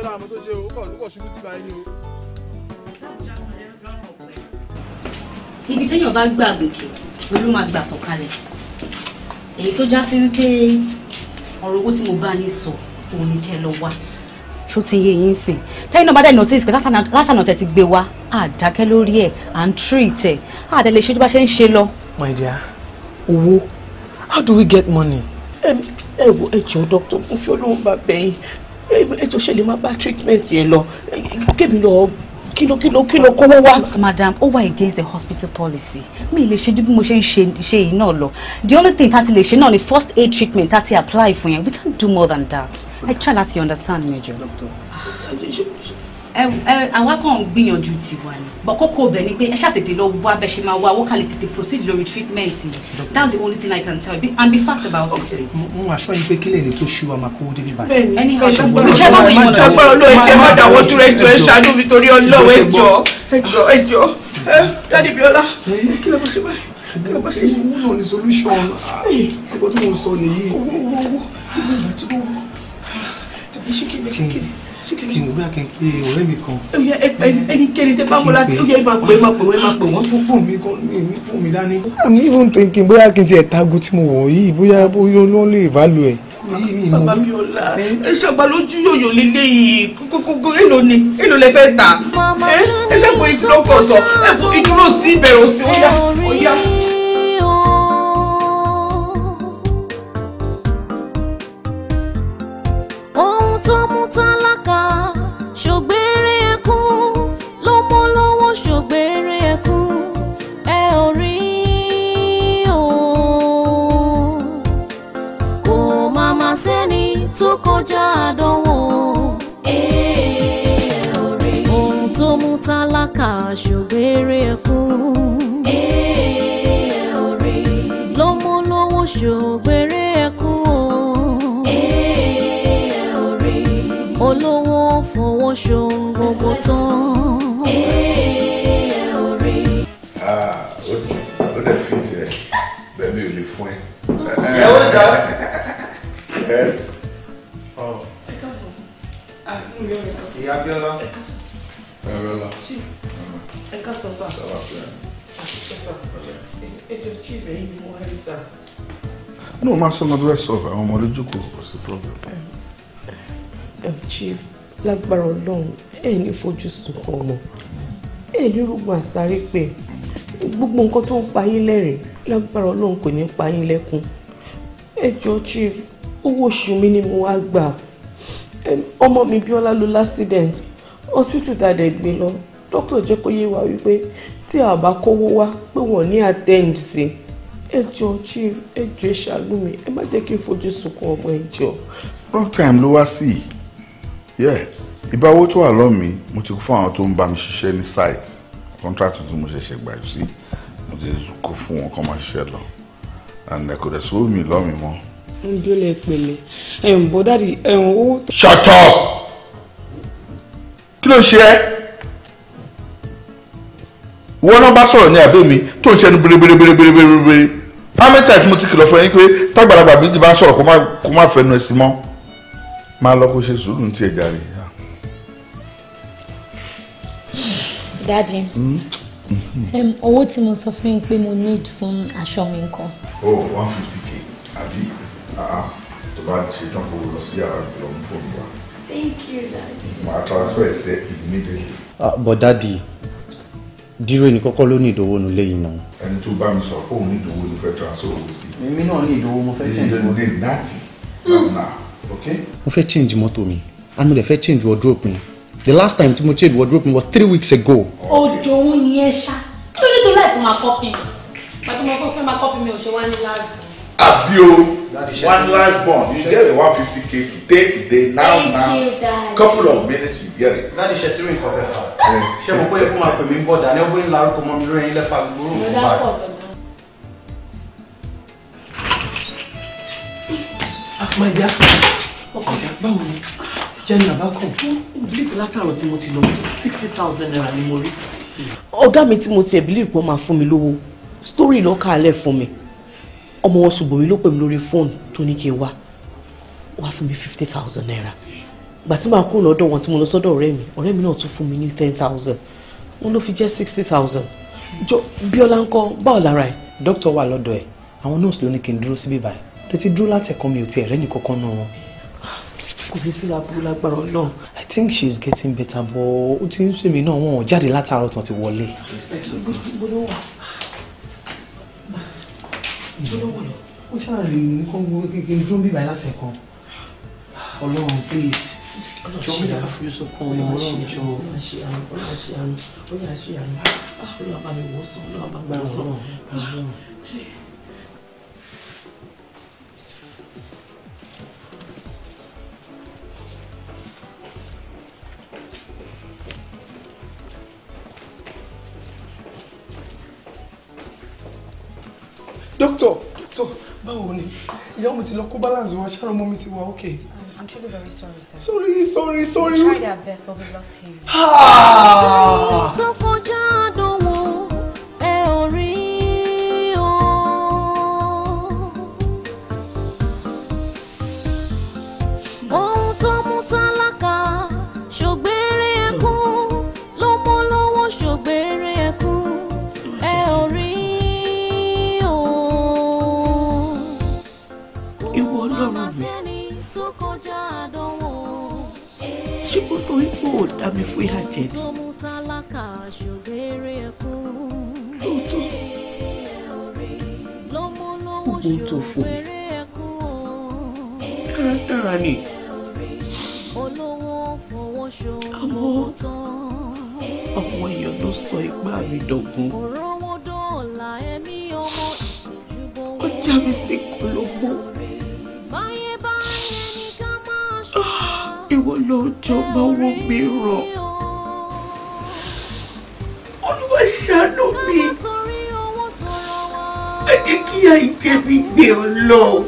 náà àmọ́ tó ṣe o ó kọ̀ ṣubú sí báyìí o. ibi téèyàn bá gbà gòkè ló máa gbà sọ̀kalẹ̀ èyí tó já sí wípé ọ̀rọ̀ owó tí mo bá yín sọ òun ni kẹ́ ẹ lọ wá ṣó ti yé yín sìn tẹ́yìn náà bá dẹ̀ notice pé látànà tẹ̀ ti gbé wa àdákẹ́ lórí ẹ̀ à ń treat ẹ̀ àdẹ lè ṣe bí bá ṣe ń ṣe lọ. my dear owó how do we get money? ẹ ẹ wo ẹ jọ dókítà mo fi Ọlọ́run bá bẹ̀yìn tó ṣe lè má bá treatment yẹn lọ kémi lọ kí ló kí kówó wá. madam ó wà against the hospital policy mi lè ṣe ju bí mo ṣe ń ṣe yìí náà lọ the only thing tá ti lè ṣe náà ni first aid treatment tá ti apply fún yẹn we can't do more than that i try láti understand major. Ah, àwa kàn ń gbìyànjú tiwa ni but kókó ọbẹ̀ ni pé ẹ ṣàtètè lọ wá bẹ́ẹ̀ ṣe máa wá owó kalẹ̀ tètè proceed lórí treatment that's the only thing i can tell you and be fast about it please. mo aṣọ yìí pé kílẹ̀ ni tó ṣú wa máa kówó débi báyìí. ẹni ìṣẹ́ bá mi yàn lọ. ọgbọ́n olóò ẹ̀jẹ̀ má dáwọ́ dúró ẹjọ́ ẹ ṣàánú mi torí ọlọ́wọ́ ẹjọ́ ẹjọ́ ẹjọ́ dáàdì bíọ́lá kí ló bó ṣe báyìí kí ló bó ṣe. owó náà ni solution ọgbọ́n tó ń sọ nìyí. owó owó owó ìgbà tí ó wọ ṣé kí n gbé kí n pé ọ̀rẹ́ mi kan. ẹnikẹ́ni tẹ́ bá láti ó yẹ ẹ máa pè é máa pè wọ́n máa pè wọ́n. fún fún mi gan fún mi dání. i'm even thinking bóyá kí n tiẹ̀ tago tí mo wọ̀ yìí bóyá bóyá ló lè value ẹ̀. bàbá ẹ ṣàgbà lójú yòyò lílé yìí kókókó èlò ni èlò lè fẹ́ tà ẹ ṣàgbà ìdúró kọ̀ọ̀sọ̀ ẹ ìdúró sí ìbẹ̀rù sí ó yá sọmọ tó fẹ́ sọ̀rọ̀ àwọn ọmọ lójúkò kò sí problem. ẹ chief lágbára Ọlọ́run ẹ ní fojú sùn ọmọ ẹ ní rúgbọn àsáré pé gbogbo nǹkan tó ń pa yín lẹ́rìn lágbára Ọlọ́run kò ní pa yín lẹ́kún ẹ jọ chief owó oṣù mi ni mo wá gbà ọmọ mi Bíọ́lá ló lásìdẹ̀ǹt hospital tàdé gbé lọ dókítà jẹ́ kó yé wa wípé tí a bá kówó wá pé wọ́n ní attend ẹjọ chief ẹjọ ìṣàánú mi ẹ má jẹ́ kí n fojú sunkún ọmọ ẹjọ. wrong time ló wá sí yeah ìbáwó tó wà lọ́ọ̀ mi mo ti kó fún àwọn tó ń bá mi ṣiṣẹ́ ní site contract tuntun mo ṣẹ̀ṣẹ̀ gbà yìí sí mo ti kó fún wọn kó máa ṣiṣẹ́ lọ and kò dẹ̀ sówó mi lọ́ọ̀ mi mọ́. ń bí ó lè pèlè ẹ̀ ń bọ́ dáàdi ẹ̀ ń owó. shut up kí ló ṣe é wọ́n náà bá sọ̀rọ̀ ní àbẹ́ mi tó ń ṣẹnu bèrèbèrèbèrèbèrè pamẹ́tàs mo ti kìlọ̀ fún yín pé tágbàlagbà mi ti bá ń sọ̀rọ̀ kó má fẹnu ẹ̀ sí mọ́ máa lọ kó ṣe sùúrù ní tiẹ̀ jàre. dadi hmm? hmm. owó tí mo sọ fún yín pé mo need fún aṣọ mi nǹkan. o oh, one fifty k àbí ah, tó bá ṣe tán kó lọ sí yàrá ìlọrin fóònù wa. thank you dadi. màá transfer ẹ̀ sẹ́ immediately. Uh, but dadi dírò ní kọ́kọ́ ló ní ìdòwò nù lẹ́yìn náà. ẹni tó bá mi sọ pé òun ní ìdòwò ló fẹ́ transfer owó sí. èmi náà ní ìdòwò mo fẹ́ change mọ́tò mi. láti ọ̀nà ok. mo fẹ́ change mọ́tò mi and mo dẹ̀ fẹ́ change wardrobe mi the last time tí mo change wardrobe mi was three weeks ago. òjò owó ni ẹ ṣá kí ló dé tó láì fún ma kọ́pì mi pàtó mo fẹ́ ma kọ́pì mi ò ṣe wá ní ṣáàzì. àbí o one last bond you get the one fifty k today today now now couple of minutes you get it. láti ṣe tí mi kọ bẹ́ẹ̀ fà ṣé mo pé kó máa pè mí ń bọ̀ dání ó bóyá larúkọ mọ́ mi lórí ẹyin lẹ́fà gbúrú mi bá. àpàjà ọkọjà báwo ni jẹ́ni àbákan bílíìpù látàrọ̀ tí mo ti lọ sixty thousand naira ni mo rí. ọ̀gá mi tí mo tiẹ̀ bílíìpù wọn máa fún mi lówó sítórì lọ́ọ́ fún mi ọmọ wọn ṣùgbọ́n mi ló pè mí lórí fóònù tó ní kí n wá wá fún mi fifty thousand naira gbà tí màá kúrò lọ́dọ̀ wọn tí mo lọ sọ́dọ̀ ọ̀rẹ́ mi ọ̀rẹ́ mi náà tún fún mi ní ten thousand wọn ló fi jẹ́ sixty thousand jọ Bíọ́lá ń kọ́ báwo lára ẹ̀. dókítà wà lọ́dọ̀ ẹ̀ àwọn nọ́ọ̀sì ló ní kí n dúró síbí báyìí létí dúró látẹ̀kọ́ mi ò tiẹ̀ rẹ́ni kankan náà wọn. kò ní sí lábúrú lágbára Ọlọ́run. I think she is getting better but ó ti ń ṣe mí náà wọn ò jáde látàárọ̀ tán ti wọlé jọlọ́wọ́ lọ. ó ní kó wo kékeré dúró bíbá láti kan ọlọ́run please jọ mi yàrá fún yusuf kan ọmọ ọlọ́run jọ. ọlọ́run ṣe àrùn ọlọ́run ṣe àrùn ọlọ́run ṣe àrùn ọlọ́run bá mi wò sàn ọlọ́run bá mi wò sàn. Ah. doctor, dókítọ̀ báwo ni ìyá mi ti lọ kó balance wa ṣáà ọmọ mi ti wà okay. I'm truly very sorry, sir. Sorry, sorry, sorry. We tried our best, but we lost him. Ah! So wípé ò dá mi fún ìyà jẹ ni. lóòótọ́ gbogbo tó fò dáradára ni àmọ́ àwọn èèyàn ló sọ ipá mi dọ̀gún ọjà mi sí báwo mi rọ̀ olúwa ṣàánú mi ẹ jẹ́ kí àìjẹ̀bi gbé ọ lọ́wọ́.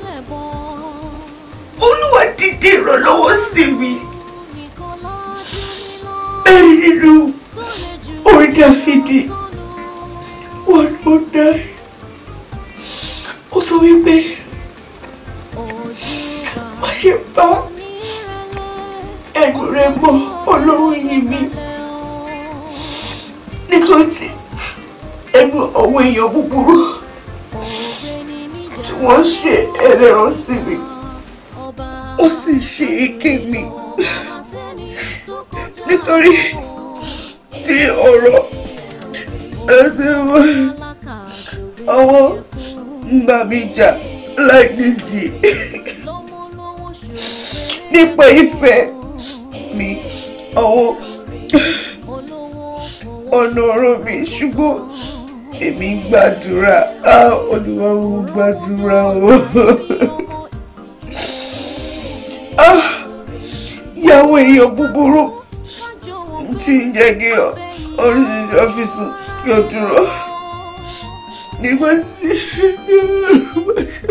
culture like duty *laughs* nípa ìfẹ́ mi àwọn ọ̀nà ọ̀rọ̀ mi ṣùgbọ́n èmi gbàdúrà á Olúwa gbàdúrà o *laughs* ìyàwó èèyàn búburú tí ń jẹ́ kí oríṣiríṣi ọ́fíìsì yóò dúró nígbà tí yóò bá ṣe.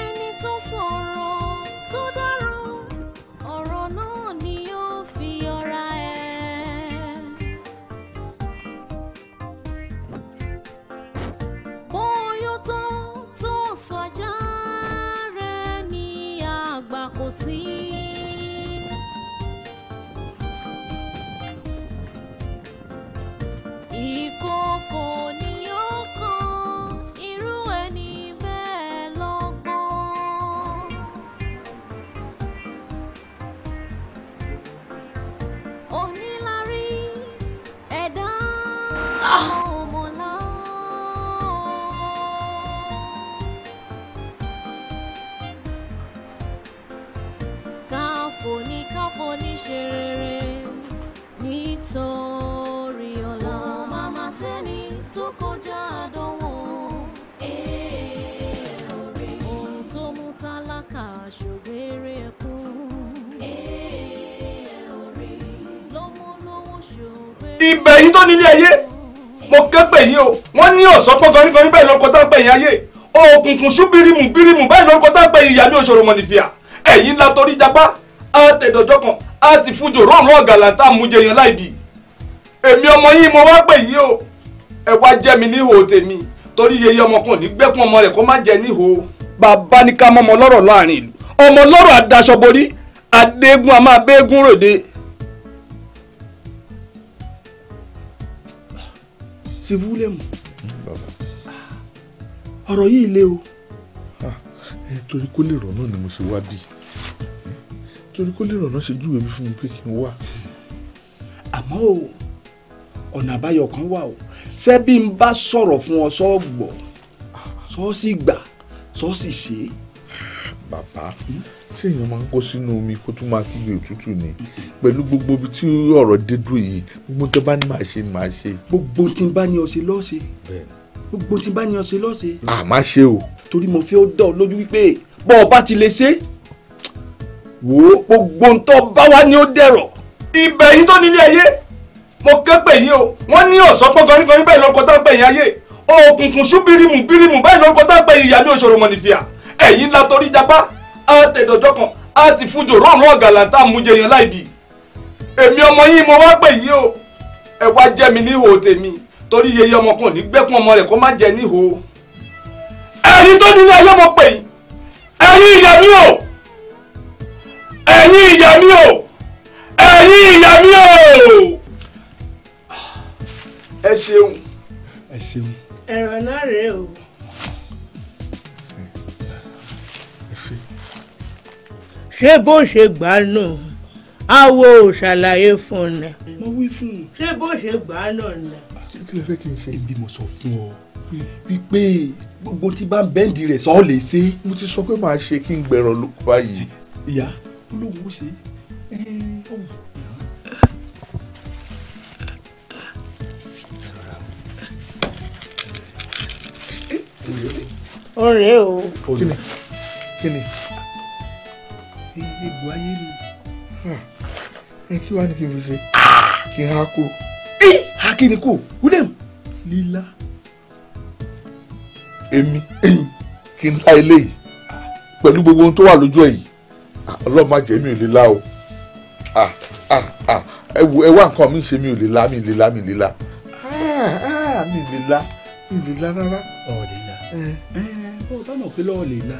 ẹni tó sọ̀rọ̀ ni yóò fi ọ̀ra ẹ̀. bóyá tó ni àgbà kò sí. ẹ̀yin tó nílé ayé mo ké pè yín o wọ́n ní ọ̀sán pọ́n kọríkọrí bẹ́ẹ̀ lọ́kọ tá ń pè yín ayé òkùnkùn ṣú bírímù bírímù bẹ́ẹ̀ lọ́kọ tá ń pè yín ìyá mi òṣòro mọ̀ nìfìyà la torí japa á tẹ̀dọ̀jọ́ kan á ti fújò rọrùn ọ̀gàlà tá a mú jẹyàn láì bì èmi ọmọ yín mo wá pè yín o ẹ wá jẹ́ mi níhò tèmi torí yeye ọmọkùnrin ní gbẹ́kún ọmọ rẹ̀ kó má jẹ níhò. bàbá ní ká mọ́ ọmọ lọ́rọ̀ láàrin ìlú ọmọ lọ́rọ̀ adáṣọborí adégún a máa bẹ́ẹ̀gún ròde ti fúlẹ̀mù. Hmm, ah, ọ̀rọ̀ yìí le o. Ah, torí kó lè rọ̀ náà ni mo ṣe wá bí hmm, torí kó lè rọ̀ náà ṣe júwèé mi fún mi pé kí n wá. àmọ́ o ọ̀nà àbáyọ kan wà o ṣé bí n bá sọ̀rọ̀ fún ọ sọ́ọ̀gbọ̀ sọ́ọ̀sì ah. gbà sọ́ọ̀sì ṣe. bàbá. Hmm? tí èèyàn máa ń kó sínú omi kó tún máa kígbe òtútù ni pẹ̀lú gbogbo ibi tí ọ̀rọ̀ dé dúró yìí gbogbo tó bá ní màá ṣe ni màá ṣe. gbogbo tí n bá ní ọ̀sẹ̀ lọ́ọ̀ṣẹ̀ gbogbo tí n bá ní ọ̀sẹ̀ lọ́ọ̀ṣẹ̀. à má ṣe o. torí mo fẹ́ ó dá ọ lójú wípé bọ́ ọ bá ti lè ṣe wò ó gbogbo ntọ́ bá wa ni ó dẹ̀rọ̀. ibẹ̀ yìí tó nílé ayé mo kẹ́ pè yín o wọ́n ní ọ̀sán pọ̀ gọ́nígọ́ní bẹ́ẹ̀ lọ́kọ̀ tá tá á tẹ̀dọ̀jọ́ kan á ti fún jòrò òrùn ọ̀gàlà tá a mú jẹyàn láìbì èmi ọmọ yín mo wá pè yí o ẹ wá jẹ́ mi níhò tèmi torí yeye ọmọ kan ò ní gbẹ́kún ọmọ rẹ̀ kó má jẹ níhò ẹ̀yin tó nílé ayé mo pè yín ẹ̀yin ìyá mi o ẹ̀yin ìyá mi o ẹ̀yin ìyá mi o ẹ ṣeun. ẹ ṣeun. ẹ̀rọ náà rèé o. ṣé bó ṣe gbà nù awo ò ṣàlàyé fún un nẹ. mo wí fún un. ṣé bó ṣe gbà nù nẹ. kí ló fẹ́ kí n ṣe ibi mo sọ fún ọ wípé gbogbo tí bá ń bẹ́ǹdì rẹ̀ sọ ọ́ lè ṣe. mo ti sọ pé màá ṣe kí n gbẹ̀rọ̀ ló pa yìí. ìyá olóhùn ó ṣe ọ̀rẹ́ o. kí ni kí ni egbò ayé lu ẹ kí wàá ní kí n fi ṣe kí n há kúrò. ẹ há kí ni kò wúlẹ̀ lílá. èmi kí n há eléyìí pẹ̀lú gbogbo ohun tó wà lójú ẹ̀yìn ọlọ́run má jẹ́ mi ò lè la o ẹ wo ẹ wá nǹkan mi ṣe mi ò lè la mi lè la mi lè la mi lè la mi lè la rárá. ọ̀ọ́lè la ẹ ẹ bọ́ọ̀ táwọn òfin lọ́ọ̀lè la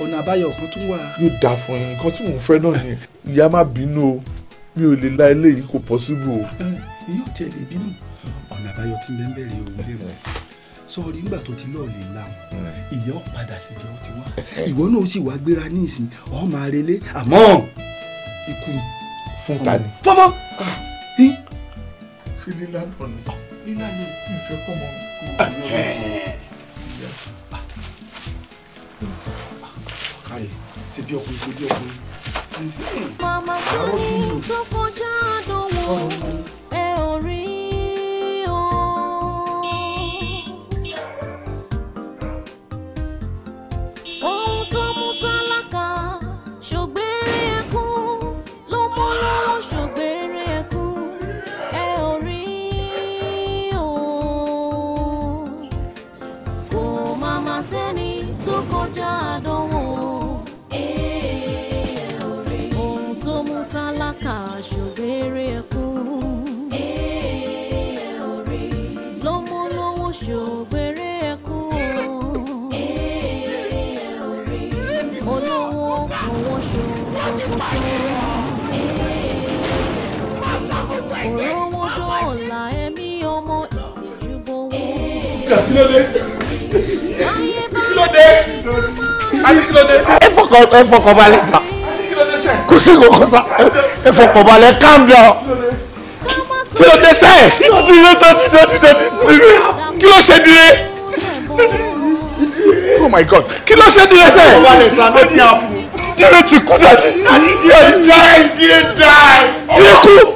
ọ̀nà àbáyọ kan tún wà. yóò dáa fún yín nǹkan tí mò ń fẹ́ náà ni ìyá má bínú o mi ò lè la eléyìí kò pọ́síbù o. yóò tẹ̀ lè bínú ọ̀nà àbáyọ tí bẹ́ẹ̀ bẹ̀rẹ̀ òun lè rẹ̀ sọ́ọ̀rì ńgbà tó ti lọ́ọ̀ lè la ìyá ọ̀ padà sí ìyá ọ̀ ti wá ìwọ náà ó sì wá gbéra ní ìsìn ọ̀ máa àmọ́ ikú fún ta fọmọ. fi lílá náà ní ìfẹ́ kọ́mọ kúrò lọ́wọ́. káre ṣe bí ọkùnrin ṣe bí ọkùnrin. màmá sani tó kọjá àdánwò ẹ ò rí. kílódé kílódé àní kílódé. ẹ fọkàn balẹ̀ sá kò sí kòkó sá ẹ fọkàn balẹ̀ calm down kí ló dé sẹ́ kí ló ṣe dire oh my god kí ló ṣe dire sẹ́ dire ti kú dàdí dire die dire kú.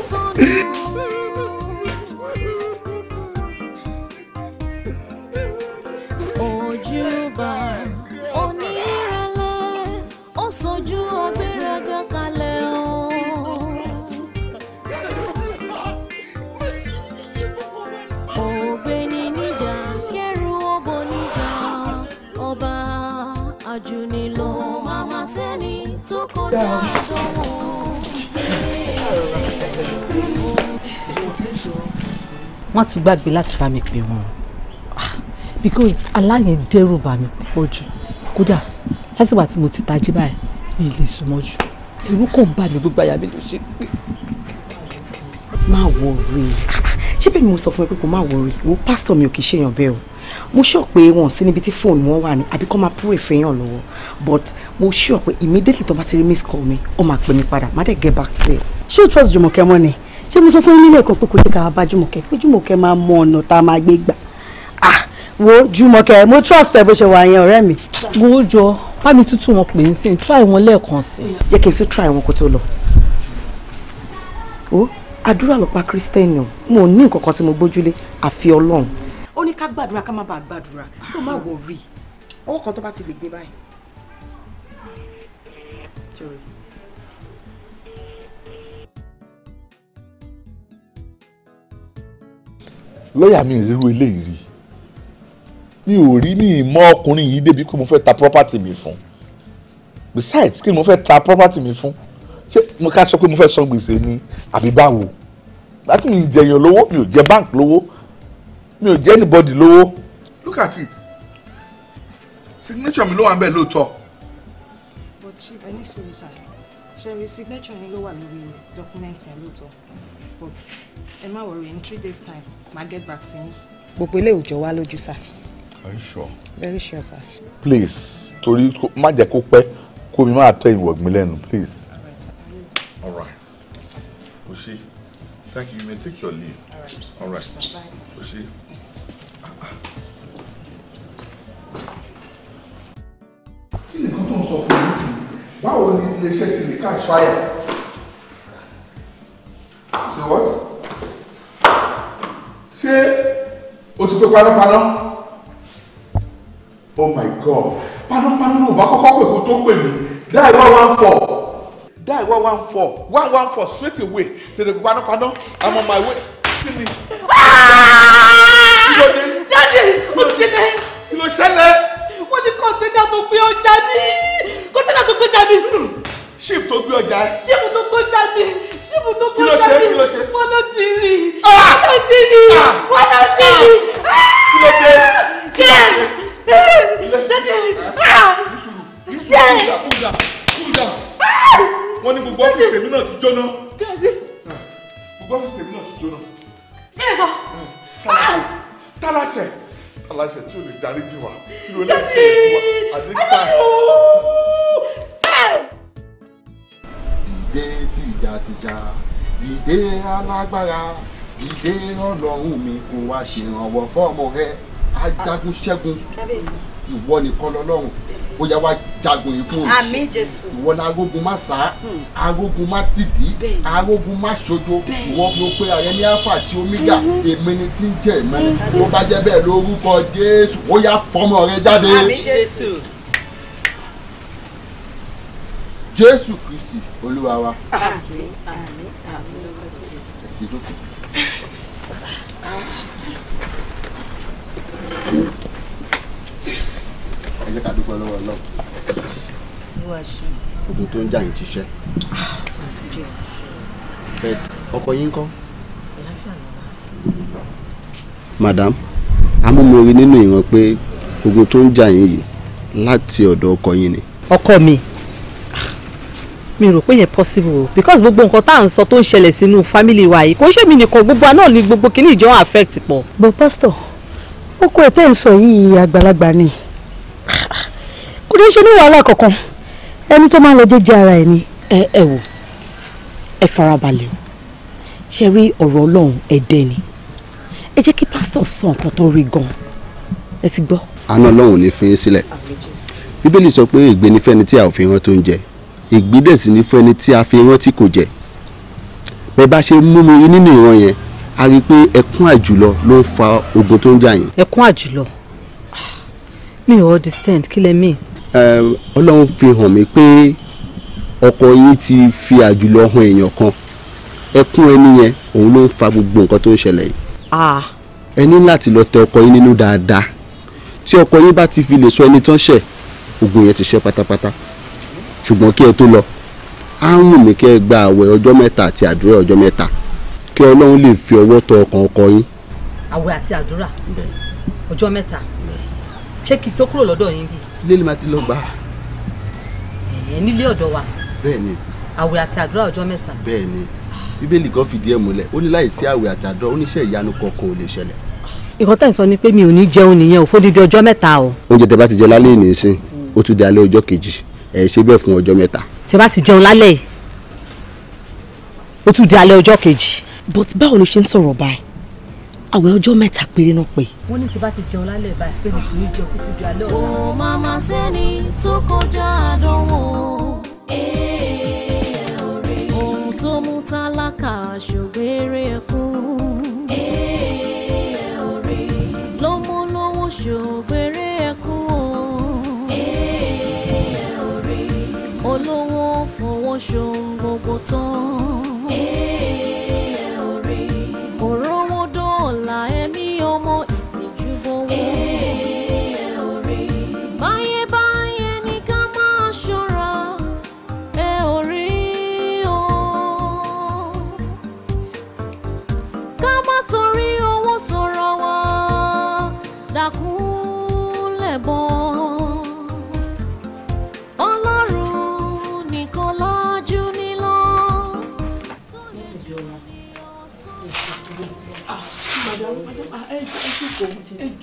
tún gbàgbé láti bá mi pè wọ́n ah, because aláyẹn dẹ́rù bà mí púpọ̀ jù kódà lásìkò àti mo ti tají báyìí mi ì lè súnmọ́ jù ewu kò ń bà mí gbogbo àyà mi ló ṣe pé má worry ṣé bẹ́ẹ̀ ni mo sọ fún ẹ pé kò má worry wo pásítọ̀ mi ò kì í ṣèyàn bẹ́ẹ̀ o mo sọ pé wọn sí níbi tí fóònù wọn wà ní àbí kọ́ máa púrò ìfẹ́yàn lọ́wọ́ but mo sọ pé immediately tó bá ti rí miss call mi ó máa pè mí padà má dẹ̀ get back sí ẹ. ṣé o trust Jùmọ̀kẹ́ mọ́ ni ṣé mo sọ fún yín lẹ́ẹ̀kan pé kò jẹ́ ká bá jùmọ̀kẹ́ pé jùmọ̀kẹ́ máa mọ ọ̀nà tá a máa gbé gbà ah wo jùmọ̀kẹ́ mo trust ẹ bó ṣe wà yẹn ọ̀rẹ́ mi. gbowó jọ bá mi tútù wọn pè é sí try wọn lẹ́ẹ̀kan sí. jẹ́ kí n tún try wọn kó tó lọ. o àdúrà lọ́pàá kírísítẹ́nì o mo ní nǹkan kan tí mo gbójúlé àfi ọlọ́run. ó ní ká gbàdúrà ká má bàa gbàdúrà tó má wọ̀ rí ọwọ́ kan tó bá ti lè gbé báyìí lọ́ọ̀yà mi ò rí irú eléyìí rí mi ò rí ní ìmọ̀ ọkùnrin yìí débi pé mo fẹ́ ta property mi fún besides kí ni mo fẹ́ ta property mi fún ṣé mo ká sọ pé mo fẹ́ san gbèsè ni àbí báwo láti mi ń jẹ èèyàn lówó mi ò jẹ bank lówó mi ò jẹ anybody lówó. look at it signature mi ló wà ń bẹ̀ lóòótọ́. but chief I ẹni sọ̀rọ̀ sáà ṣe we signature yẹn ló wà lórí document yẹn lóòótọ́ but ẹ má worry in three days time ma get vaccine. sí yín. gbogbo ilé òjò wa lójú sir. are you sure. very sure sir. please torí má jẹ́ kó pẹ́ kó mi máa tẹ ìwọ̀gbìn lẹ́nu please. all right o ṣe thank you you may take your leave all right o ṣe. kí ni nǹkan tó ń sọ fún mi sí báwo ni iléeṣẹ́ ṣe lè cash fire so what ṣé o ti pe panápaná oh my god panápaná náà ò bá kọ́kọ́ pè kó tó pè mí die one one four die one one four one one four straight away tètè pe panápaná i'm on my way kí ni. jáde o ti ṣe bẹ́ẹ̀. kí ló ṣẹlẹ̀. wọ́n ní kọ́ńtẹ́nà tó gbé ọjà mi kọ́ńtẹ́nà tó gbé ọjà mi ṣíìpù tó gbé ọjà ẹ. ṣíìpù tó gbọ́jà mi ṣíìpù tó gbọ́jà mi wọn ló ti rí ah! wọn ló ti rí ah! wọn ló ti ah! rí. kí ló dé kí ló dé dẹ́dẹ́ yẹ. wọ́n ní gbogbo ọ́fíìsì èmi náà ti jóná gbogbo ọ́fíìsì èmi náà ti jóná. yẹ́sọ̀ tálàṣẹ aláṣẹ tí o lè dáríjì wá tí o lè ṣe ìwà àdéṣà dìde tìjàtìjà dìde alágbára dìde ọlọ́run mi kó wá ṣèrànwọ́ fọ́ọ̀mù rẹ ajagun ṣẹ́gun ìwọ nìkan lọ́lọ́run ó yá wá jagun yìí fún òṣì ìwọ ni arógun má sá hmm. arógun má tìdí arógun má ṣojo ìwọ ló pé ààrẹ ní alpha àti omega hmm. èmi ni tí ń jẹ ìmọ́lẹ̀ hmm. tó bá jẹ́ bẹ́ẹ̀ lórúkọ jésù ó yá fọmọ rẹ jáde jésù kristi olúwa wa. àmín àmín àmín lórúkọ jésù. ẹ jókòó. ẹ jẹ́ ká dúpẹ́ lọ́wọ́ ọlọ́run. ogun tó ń jà yín ti ṣẹ́. bẹ́ẹ̀ ọkọ yín kọ́. madam amúmọ̀rí nínú ìran pé ogun tó ń jà yín yìí láti ọ̀dọ̀ ọkọ yín ni. ọkọ mi mi rò pé yẹn possible because gbogbo nǹkan tá à ń sọ tó ń ṣẹlẹ̀ sínú family wa yìí kò ń ṣe mí nìkan gbogbo àná ni gbogbo kìíní ìjọ affect pọ̀. bọ Pastor, ó kó ètè ń sọ yìí àgbàlagbà ni kò ní ṣe ní wàhálà kankan ẹni tó máa ń lọ jẹ́jẹ́ ara ẹ̀ ni. ẹ ẹ wò ẹ farabalẹ̀ o ṣe rí ọ̀rọ̀ ọlọ́run ẹ̀dẹ́ ni ẹ jẹ́ kí pásítọ̀ sọ nǹkan tó rí gan ẹ ti gbọ́. àánú ọlọ́run ní fi yín sílẹ̀ bíbélì sọ pé ègbé tí a ò fi hàn tó ń jẹ ìgbídẹ̀sì ní fún ẹni tí a fi rántí kò jẹ́ bẹ bá ṣe mú mi nínú ìran yẹn a rí i pé ẹkún àjùlọ ló ń fa ogun tó ń jà yín. ẹkún àjùlọ mi ò understand kí lẹ mean. ọlọ́run fi hàn mí pé ọkọ yín ti fi àjùlọ hàn èèyàn kan ẹkún ẹni yẹn òun ló ń fa gbogbo nǹkan tó ń ṣẹlẹ̀ yìí. ẹ ní láti lọ tẹ ọkọ yín nínú dáadáa tí ọkọ yín bá ti fi lè sọ ẹni tán ṣẹ̀ ogun yẹn ti ṣẹ́ pátápátá ṣùgbọ́n kí ẹ tó lọ á wù mí kẹ́ ẹ gba àwẹ̀ ọjọ́ mẹ́ta àti àdúrà ọjọ́ mẹ́ta kí ọlọ́run lè fi ọwọ́ tọ ọkàn ọkọ yín. àwẹ̀ àti àdúrà ọjọ́ mẹ́ta ṣé kí n tó kúrò lọ́dọ̀ yín bí. ilé ni màá ti lọ gbà á. ẹ̀yẹ nílé ọ̀dọ̀ wa. bẹ́ẹ̀ni. àwẹ̀ àti àdúrà ọjọ́ mẹ́ta. bẹ́ẹ̀ni bíbélì kan fìdí ẹ̀ múlẹ̀ ó ní láìsí àwẹ̀ àti àdúrà oníṣẹ́ ìyanu kankan ò lè ṣẹlẹ̀. ìkan tẹ̀ sọ ni pé mi ò ní jẹun nìyẹn òfódìdí ọjọ́ mẹ́ta o. oúnjẹ tẹ bá ti jẹ lálẹ́ ìnìyẹn sí ó tún di alẹ́ ọjọ́ kejì ẹ ṣe bẹ́ẹ̀ fún ọjọ́ mẹ́ta. ṣé bá ti jẹun lálẹ́ yìí ó tún di alẹ́ ọjọ́ kejì. but báwo ló ṣe ń sọ̀rọ̀ báyìí àwẹ̀ ọjọ́ mẹ́ta péré náà pé. wọ́n ní tí bá ti jẹun lálẹ́ báyìí pé mi ti ní jẹun di alẹ́ ọ̀la. ó màmá sẹ́ni tó kọjá àdánwò èèyàn rẹ̀ ohun tó mú tálákà ṣògbére kú. 雄不果终。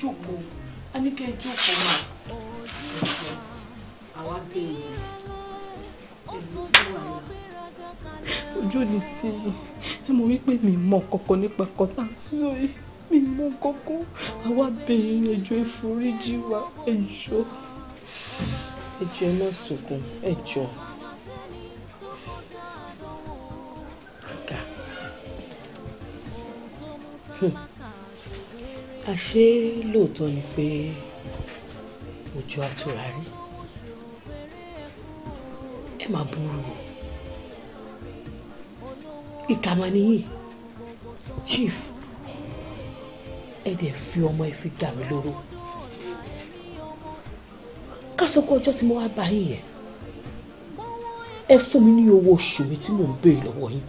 jókòó a ní kẹ́ jókòó mà àwa bẹ̀rẹ̀ ẹ̀mí tó wà yà. ojú ni tí ẹ mọ̀ wípé mi mọ̀ kọ̀kọ̀ nípa kọ́tà sórí mi mọ̀ kọ́kọ́ àwa bẹ̀rẹ̀ ẹjọ́ ìforíjì wa ẹjọ́ ẹjọ́ ẹ má sunkún ẹjọ́. Hmm àṣé lóòótọ́ ni pé òjò àtúrárí ẹ máa burú o nìyí chief ẹ dẹ̀ fi ọmọ ẹ fi dà mí lóró ká sọ pé ọjọ́ tí mo wá bá yín yẹn ẹ fún mi ní owó oṣù mi tí mò ń béèrè lọ́wọ́ yín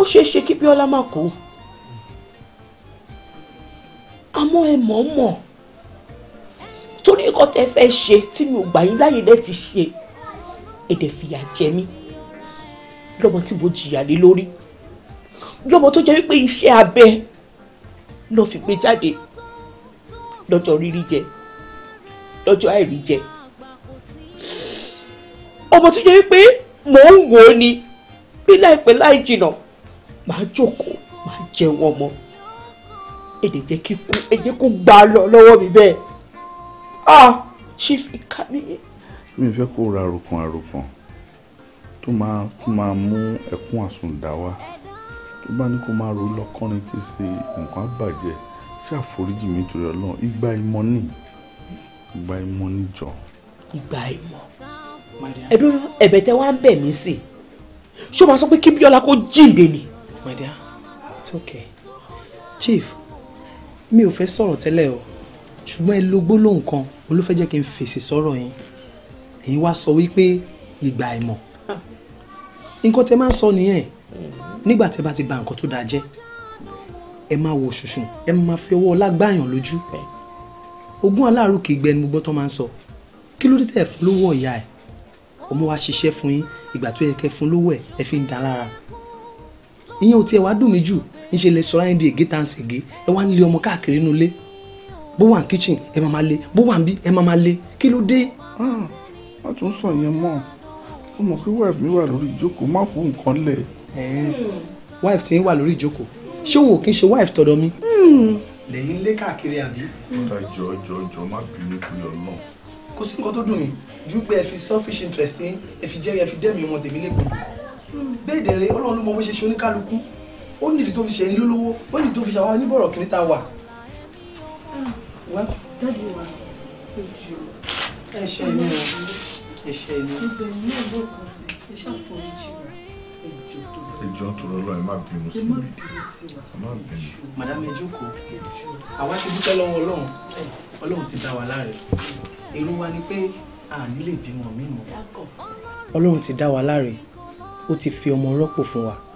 ó ṣeé ṣe kí Bíọ́lá má kó o àmọ́ ẹ mọ̀ mọ̀ torí nǹkan tẹ́ fẹ́ ṣe tí mi ò gbà yín láyè lẹ́ ti ṣe èdè fìyà jẹ mí lọ́mọ tí mo jìyà lé lórí lọ́mọ tó jẹ́ wípé iṣẹ́ abẹ lọ́ fi gbé jáde lọ́jọ́ rírí jẹ lọ́jọ́ àìrí jẹ ọmọ tó jẹ́ wípé mò ń wò ó ni bí láìpẹ́ láì jìnnà màá jókòó màá jẹun ọmọ èdè jẹ́ kí èdè kó gbà lọ lọ́wọ́ mi bẹ́ẹ̀ ah, chief kábíyè. mi fẹ́ kó ra àròkàn àròkàn tó máa tó máa mú ẹkún àsùndá wá tó bá ní kó máa ro lọ́kọ́rin kí sí nǹkan àbàjẹ́ ṣé àforíjì mi torí ọlọ́run ìgbà ìmọ̀ ni ìgbà ìmọ̀ níjọ. ìgbà ìmọ̀ ẹ̀dùn ẹ̀bẹ̀ tẹ wá bẹ̀ mí sí ṣó máa sọ pé kí bíọ́lá kó jíǹde ni. my dear it's okay chief mi ò fẹ́ sọ̀rọ̀ tẹ́lẹ̀ o ṣùgbọ́n ẹ lo gbólóhùn kan olúfẹ́ jẹ́ kí n fèsì sọ̀rọ̀ yẹn ẹ̀yin wá sọ wípé ìgbà àìmọ̀ nǹkan tẹ máa ń sọ nìyẹn nígbà tẹ bá ti bà nǹkan tó dáa jẹ́ ẹ máa wo ṣùṣùn ẹ máa fi ọwọ́ ọlá gbààyàn lójú ogún aláàrú kì í gbẹni gbogbo tó máa ń sọ kí ló dé tẹ̀ fún lówó ọ̀yà ẹ̀ ọmọ wa ṣiṣẹ́ fún yín ìgbà tó yẹ kẹ́ fún lówó ẹ̀ ẹ fi ń dá lára ìyẹn ò tiẹ̀ wá dùn mí jù níṣẹ́ lẹ sọra yín di ègé tá à ń ṣègé ẹ wá ń lé ọmọ káàkiri inú ilé bó wà ní kitchen ẹ máa máa lé bó wà níbí ẹ máa máa lé kí ló dé. Ah, wọ́n tún sọ yẹn mọ́ ọ mọ̀ pé wife mi wà lórí ìjókòó má fún nǹkan lẹ̀. wife ti ń wà lórí ìjókòó ṣé òun ò kí ń ṣe wife tọ̀dọ̀ mi. Hmm. lẹ́yìn lé káàkiri àbí. ọ̀dà jọ jọ jọ má bínú kúlọ̀ náà. kò sí nǹkan tó dùn mí ju pé ẹ fi selfish interest ẹ fi jẹ́rìí ẹ fi dẹ́mi ọmọ tèmi lẹ́kọ̀ọ́ hmm. bẹ́ẹ̀ dẹ̀rẹ̀ ọlọ́run ló mọ bó ṣe ṣe oníkálukú ó nídìí tó fi ṣe ilé olówó ó nídìí tó fi ṣe àwọn oníbọ̀rọ̀ kìíní ta wà. Ah, dáàdi wa ojú ẹ ṣe ẹni o ẹ ṣe ẹni. ibẹ̀ ní ẹgbẹ́ kan sí ẹ ṣàforíjì wa ẹjọ́ tó bá. ẹjọ́ tó lọ́lọ́ ẹ má bínú sí mi ẹ má bínú. madame ẹ jókòó àwa ti dúpẹ́ lọ́wọ́ ọlọ́run ọlọ́run ti dá wa láre èrò wa ni pé àní lè bímọ mí mọ́. ọlọ́run ti dá wa láre ó ti fi ọmọ rọ́pò fún wa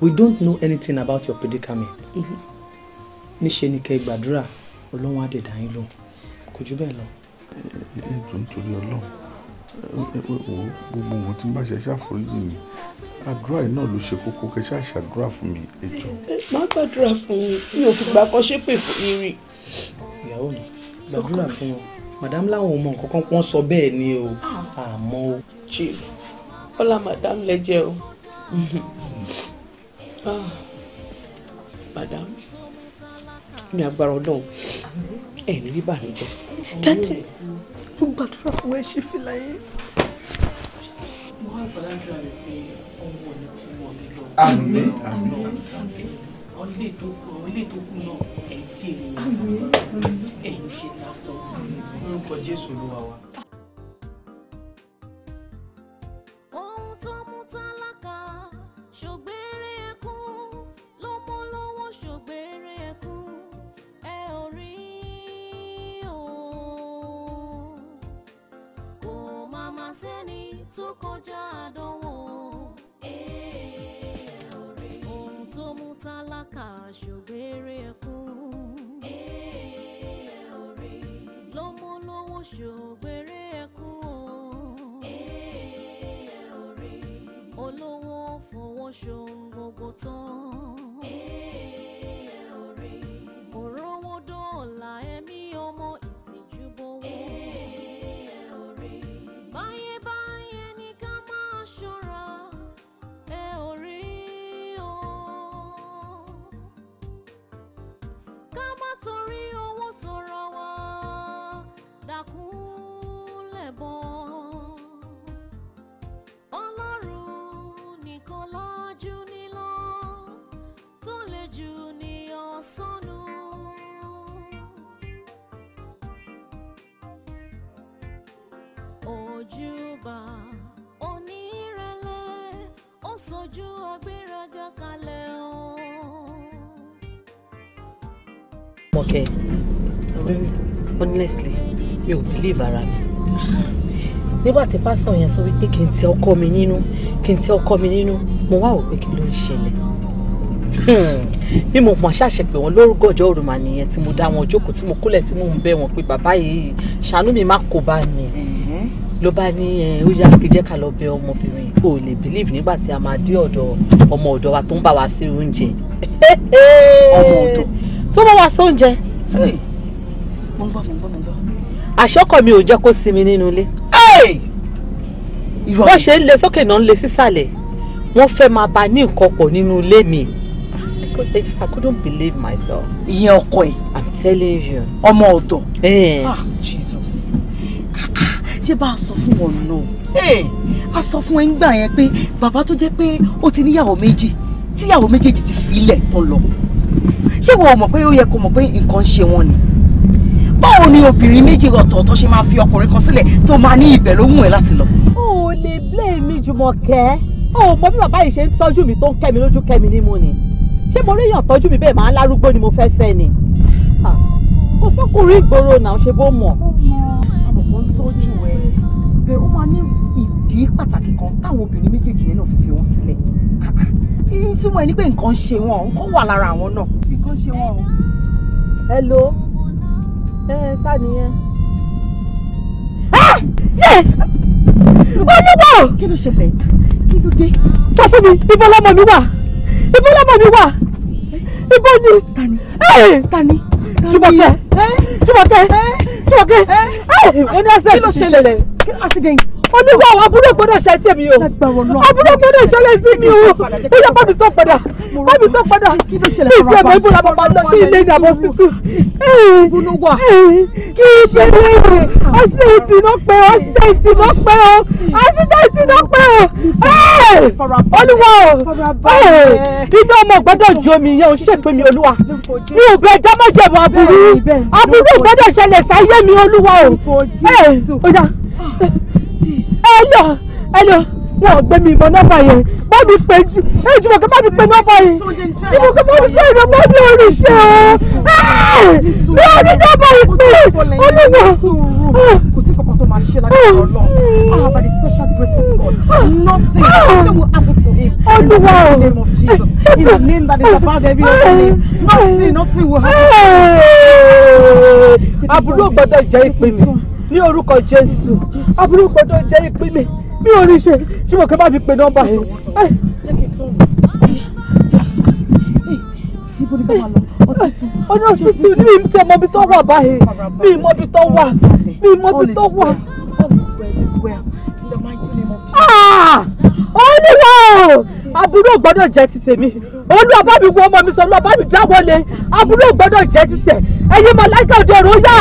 we don't know anything about your predicament mm-hmm. níṣe ni kẹ́ gbàdúrà ọlọ́run á dẹ̀ dá yín lóhùn kò jù bẹ́ẹ̀ lọ. ẹ jọ nítorí ọlọ́run gbogbo wọn tí n bá ṣe ṣàforíjì mi àdúrà yìí náà ló ṣe kókó kẹ́ ṣáà ṣàdúrà fún mi ẹ jọ. má gbàdúrà fún mi mi ò fìgbà kan ṣépè fún mi rí. ìyàwó mi gbàdúrà fún wọn madam láwọn ò mọ nǹkan sọ bẹ́ẹ̀ ni o ah. àmọ́ chief ọlá madam lẹjẹ o. Mm-hmm. Ah, madam ní agbára ọlọ́run ẹ̀ ní rí bànújẹ́. dáàdì mo gbàdúrà fún ẹ ṣe fìlà yẹn. mo wá bọ̀dá jọ rẹ̀ pé ọmọ ò ní kú wọn mi lọ. àmín àmín. ọlé tó kù tó kù náà ṣùgbọ́n. sẹ́ni tó kọjá àdánwò. ohun tó mú tálákà ṣògbére ẹkún. ló mú lówó ṣògbére ẹkún. olówó fowó ṣohun gbogbo tán. ojú agbéraga kalẹ̀ o. mọ̀kẹ́ honestly mi ò believe ara mi nígbà tí pásítọ̀ yẹn sọ wípé kí n tẹ ọkọ mi nínú kí n tẹ ọkọ mi nínú mo wá wò pé kí ló ń ṣẹlẹ̀ hmm, bí mo mọ̀ ṣàṣẹ pé wọ́n lórúkọ ọjọ́ òrùmà nìyẹn tí mo dá wọn jókòó tí mo kúlẹ̀ tí mo ń bẹ̀ wọ́n pé bàbá yìí ṣàánú mi má kó bá mi ló bá ní ó yá kí jẹ́ ká lọ bẹ̀ ọmọbìnrin o lè believe nígbà tí a máa dé ọ̀dọ̀ ọmọ ọ̀dọ̀ wa tó ń bá wa sí oúnjẹ ọmọ *laughs* ọ̀dọ̀ tó bá wa sí oúnjẹ. mo ń bọ̀ mo ń bọ̀ mo ń bọ̀. àṣọkọ mi ò jẹ́ kó sinmi nínú ilé. wọ́n ṣe ń lé sókè náà ń lé sísàlẹ̀ wọ́n fẹ́ máa bá ní nǹkan pọ̀ nínú ilé mi. I couldn't believe myself. ìyẹn ọkọ ẹ. I'm telling you. ọmọ ọ̀dọ̀. Eh. ah Jesus ah, ah. ṣé bá a sọ fún wọn náà a sọ fún ẹ yẹn pé bàbá tó jẹ́ pé ó ti níyàwó méjì tíyàwó méjèèjì ti filẹ̀ tán lọ ṣé ìwọ mọ̀ pé ó yẹ kó mọ̀ pé nǹkan ṣe wọn ni báwo ni obìnrin méjì ọ̀tọ̀ọ̀tọ̀ ṣe máa fi ọkùnrin kan sílẹ̀ tó máa ní ibẹ̀ ló wù ẹ́ láti lọ. o ò lè blame mi Jùmọ̀kẹ́ o ò mọ bí bàbá yìí ṣe ń tọ́jú mi tó ń kẹ́ mi lójú kẹ́ mi nímú ni ṣé mo réyàn tọ́jú mi bẹ́ẹ̀ máa ń lárúgbó ni mo fẹ́ fẹ́ ni. Ah, kò sọ́kùnrin ìgboro náà ṣe bó mọ̀. ìdí pàtàkì kan táwọn obìnrin méjèèjì yẹn náà fi wọn sílẹ̀ ìtumọ̀ ẹni pé nǹkan ṣe wọn nǹkan wà lára àwọn náà. nǹkan ṣe wọn o. ẹ lo ẹ sá nìyẹn. yẹ olúwo. kí ló ṣẹlẹ̀ kí ló dé. sọ fún mi ibo lọmọ mi wà ibo lọmọ mi wà ibo ni. tani tani Jùmọ̀kẹ́ Jùmọ̀kẹ́ Jùmọ̀kẹ́. kí ló ṣẹlẹ̀ accident onígbà àwọn abúlé gbọ́dọ̀ ṣe sí mi o abúlé gbọ́dọ̀ ṣẹlẹ̀ sí mi o bóyá bábí tó padà bábí tó padà kí ìṣe ẹ̀mọ́ ibùdó àbàbà lọ sí ilé ní àbọ̀ tútù kí ìṣẹ̀lẹ̀ ọ̀sẹ̀ǹtì náà pẹ́ ọ̀sẹ̀ǹtì náà pẹ́ o ọ̀sẹ̀ǹtì náà pẹ́ o olúwa o iná ọmọ gbọ́dọ̀ ju omi yẹn o ṣèpè mi olúwa mi ò bẹ ẹjọ́ mọ́jẹ̀mọ́ aburú aburú gbọ́dọ̀ ṣẹlẹ̀ sáyé mi olúwa o ó yá. Ah ẹlò ẹlò wọn ò gbé mi ìbọn nọ́mbà yẹn bá mi pè jù ẹ jù mọ̀kẹ́ bá mi pè nọ́mbà yẹn jù mọ̀kẹ́ bá mi pè nọ́mbà mi ò rí ṣe o mi ò rí nọ́mbà yìí pé olúwa. kò sí kankan tó máa ṣe láti ọ̀rọ̀ náà ah by the special grace of God ah! nothing nothing ah! will happen to him olúwa o in the name of Jesus in the name that is above every other name nothing nothing will happen to him. àbúrò gbọ́dọ̀ jẹ́ ìpè mi ní orúkọ jésù aburúkọ tó jẹ́ ìpín mi mi ò rí ṣe tí mo kẹ́ bá fi pe nọ́mbà yẹn. ọ̀nà ọ̀sìtì ní mi tẹ mọ́bi tó wà báyìí mi mọ́bi tó wà mi mọ́bi tó wà. oníwà aburú gbọ́dọ̀ jẹ́ ti tèmi olúwa bá mi wọ ọmọ mi sọ lọ bá mi dáwọ́lé aburú gbọ́dọ̀ jẹ́ ti tẹ̀ ẹ̀yin màláìka òde ọ̀rọ̀ yá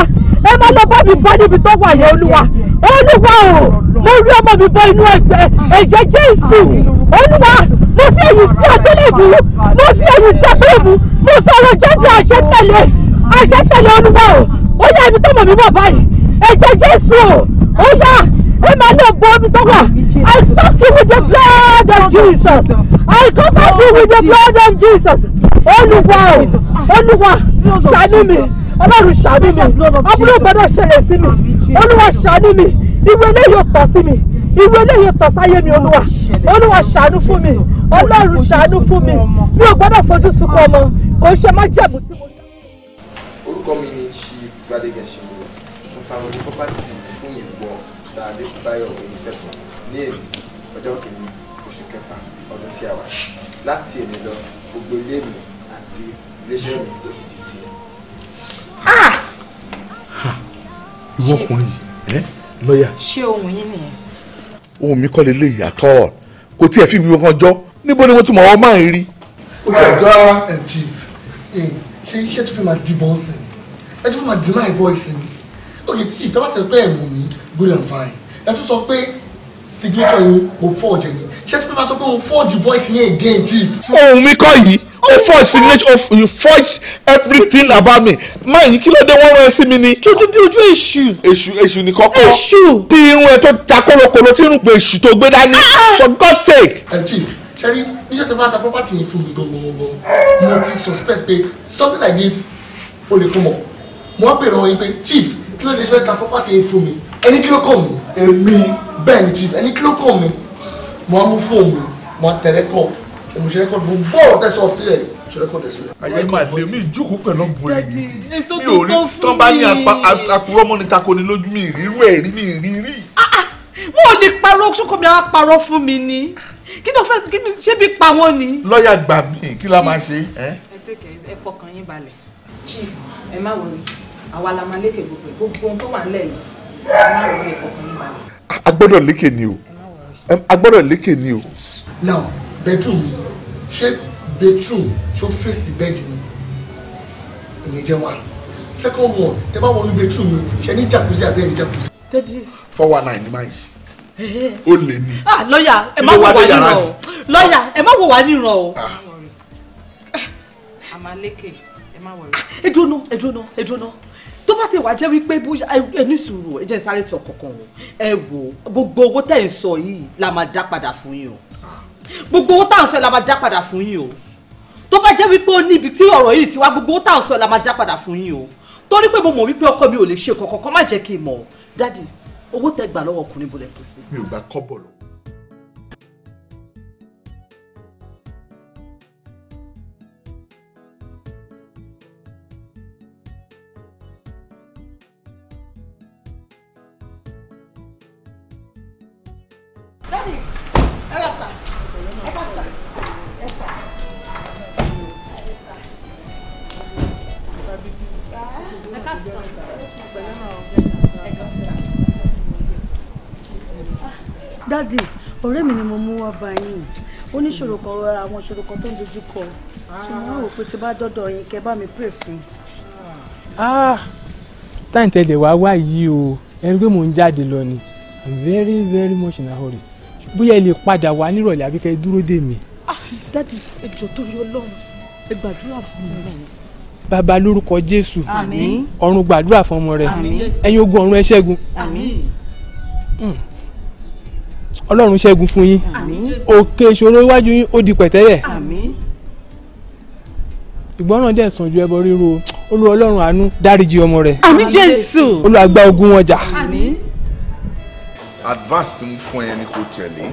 ẹ má lọ bá mi bọ́ níbi tó wà yẹn olúwa olúwa o mo ọmọ mi bọ́ inú ẹgbẹ́ ẹ̀jẹ̀ jésù olúwa mo fi ẹ̀yìn sí àgbélébù mo fi ẹ̀yìn sí àgbélébù mo sọ̀rọ̀ jẹ́bi àṣẹ tẹ̀lé àṣẹ tẹ̀lé olúwa o ó yẹ ibi tó mọ̀ mí wà báyìí ẹ̀jẹ̀ jésù o ó yá ẹ má lọ bọ́ mi tó wà I stop you with the blood of Jesus I cover you with the blood of Jesus olúwa o olúwa ṣàánú mi ọlọ́run ṣàánú mi àbúrò gbọ́dọ̀ ṣẹlẹ̀ sí mi olúwa ṣàánú mi ìwé eléyìí ò sí mi ìwé eléyìí ò tọ́ sáyé mi olúwa olúwa ṣàánú fún mi ọlọ́run ṣàánú fún mi mi ò gbọ́dọ̀ fojú sunkún ọmọ kò ṣe má jẹ̀bù tí mo ní. orúkọ mi ni ṣí gbadege ṣe mi lọ mo fa àwọn pọ́pátì fún ìgbọ́ tàbí báyọ̀ òní ní èmi ọjọ́ kìíní oṣù kẹfà ọdún tí a wà láti èmi gbogbo ilé mi àti iléeṣẹ́ mi Ah! ìwọ ọkùnrin yìí lọ́ọ̀yà. ṣé ohun yín nìyẹn. ohun mi kọ́ lè lè yàtọ̀ kò tí ẹ fi wíwọ́n kan jọ níbo ni wọ́n tún mọ̀ ọ́ máa ń rí. ó ti àjọ ẹ̀ǹtì ṣe iṣẹ́ tó fi máa di bọ́ọ̀sì ẹ tún máa deny voice mi ok chief tí a bá sọ pé ẹ̀mú mi good and fine ẹ tún sọ pé signature yín mo fọ́ ọ̀jẹ̀ yín ṣé tí mo máa sọ pé òun forge voice yẹn again chief. ohun mi kọ́ yìí o oh, forge oh. signature of you forge everything about me máa yìí kí ló dé wọ́n rán ẹ sí mi ni. tuntun bí ojú èṣù. èṣù èṣù ní kọ́kọ́. èṣù. tí irun ẹ tó ta kólókòló tí irun pé èṣù tó gbé dání ah, ah. for God's sake. ẹ chief ṣe rí níṣẹ́ tí wọ́n ta property yẹn fún mi gangan mo ti suspect pé something like this o lè fún mọ́ mo wá pè ràn yín pé chief kí ló dé ṣe fẹ́ ta property yẹn fún mi ẹni kí ló kàn mí. èmi bẹ́ẹ̀ ni chief ẹni kí ló kàn mí mo mú fóònù mi mo tẹ rẹ́kọ̀d mo ṣe rẹ́kọ̀d gbogbo ọ̀rọ̀ tẹ̀sán sílẹ̀ ṣe rẹ́kọ̀d ẹ̀ sílẹ̀. ayé máa lè mí ìjókòó pẹ̀lú ọ̀bùn ẹ̀yìn mi ò rí tán bá ní apurọ́ mọ́ni takoni lójú mi ìrírú ẹ̀ rí mi ìrírí. mo ò lè parọ́ sókò mi á parọ́ fún mi ni kí ló fẹ́ kí ṣé bí pa wọ́n ni. lọ́ọ̀yà gbà mí kí la máa ṣe. ẹ fọkàn yín balẹ̀ chief ẹ má wọrí àwa la máa lékè gbogbo gbogbo ohun tó wà nílẹ̀ yìí ẹ má wọrí ẹ fọkàn yín balẹ̀. a gbọ́dọ̀ lékè ni o a gbọ́dọ̀ lékè ni o. now bedroom mi ṣé bedroom ṣó fèsì bẹ́ẹ̀dì mi ìyẹn jẹ́ wà second one tẹ bá wọnú bedroom mi ṣe ní jacuzzi àbí ẹni jacuzzi. thirty. four one nine ni máa yìí ó lè ní. ah lọ́ọ̀yà ẹ má wò wá níran o ah. lọ́ọ̀yà ẹ má wò wá níran o. àmàlékè ẹ má wọlé. ẹ dúró náà ẹ dúró náà ẹ dúró náà tó bá ti wà jẹ́ wípé ẹni sùúrù ẹ jẹ́ sáré sọ kankan o ẹ wò gbogbo owó tẹ̀ ń sọ yìí la máa dá padà fún yín o gbogbo owó tà ń sọ la máa dá padà fún yín o tó bá jẹ́ wípé ó ní ibi tí ọ̀rọ̀ yìí ti wá gbogbo owó tà ń sọ la máa dá padà fún yín o torí pé mo mọ̀ wípé ọkọ mi ò lè ṣe kankan kó má jẹ́ kí n mọ̀ dádì owó tẹ gbà lọ́wọ́ ọkùnrin bọ̀lẹ̀ kù sí. mi ò gbà kọ́bọ̀ lọ dádì ọ̀rẹ́ mi ni mo mú wá bá yín ó ní ṣòro kan àwọn ṣòro kan tó ń dojú kọ ṣé wọ́n rò pé tí bá dọ́dọ̀ yín kẹ́ bá mi pray fún. Ah, táyì tẹ́lẹ̀ wá wá yìí o ẹni pé mò ń jáde lọ ni i'm very very much in a hurry bóyá ẹ lè padà wá nírọ̀lẹ́ àbí kẹ́ ẹ dúró dè mí. Ah, dádì ẹ jọ̀ọ́ torí Ọlọ́run ẹ gbàdúrà fún mi lẹ́yìn sí bàbá lórúkọ jésù ọ̀run gbàdúrà fún ọmọ rẹ ẹ̀yin ogun ọ̀run ẹ ṣẹ́gun ọlọ́run ṣẹ́gun fún yín òkè ìṣòro iwájú yín ó di pẹ̀tẹ́lẹ̀ ìgbọràn dẹ̀ sàn ju ẹbọ ríro olú ọlọ́run àánú dáríjì ọmọ rẹ̀ àmín jésù ogun wọn advance ń fún ẹ kò tẹ̀lé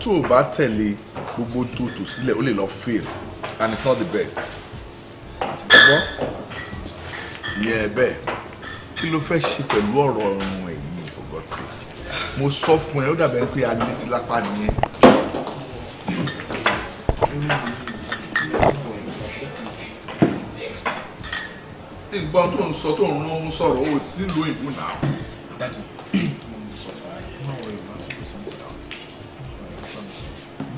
tó o bá tẹ̀lé gbogbo tó tò sílẹ̀ ó lè lọ fail and it's not the best ti gbọ́ ìyẹn ẹ bẹ́ẹ̀ kí ló fẹ́ ṣe pẹ̀lú ọ̀rọ̀ ọ̀run ẹ̀yìn ìfọ̀gọ́tì mo sọ fún ẹ ó dàbẹ̀ pé alẹ́ ti lápá nìyẹn. ìgbọ́n tó ń sọ tó ń rán sọ̀rọ̀ ó ti lo ìlú náà.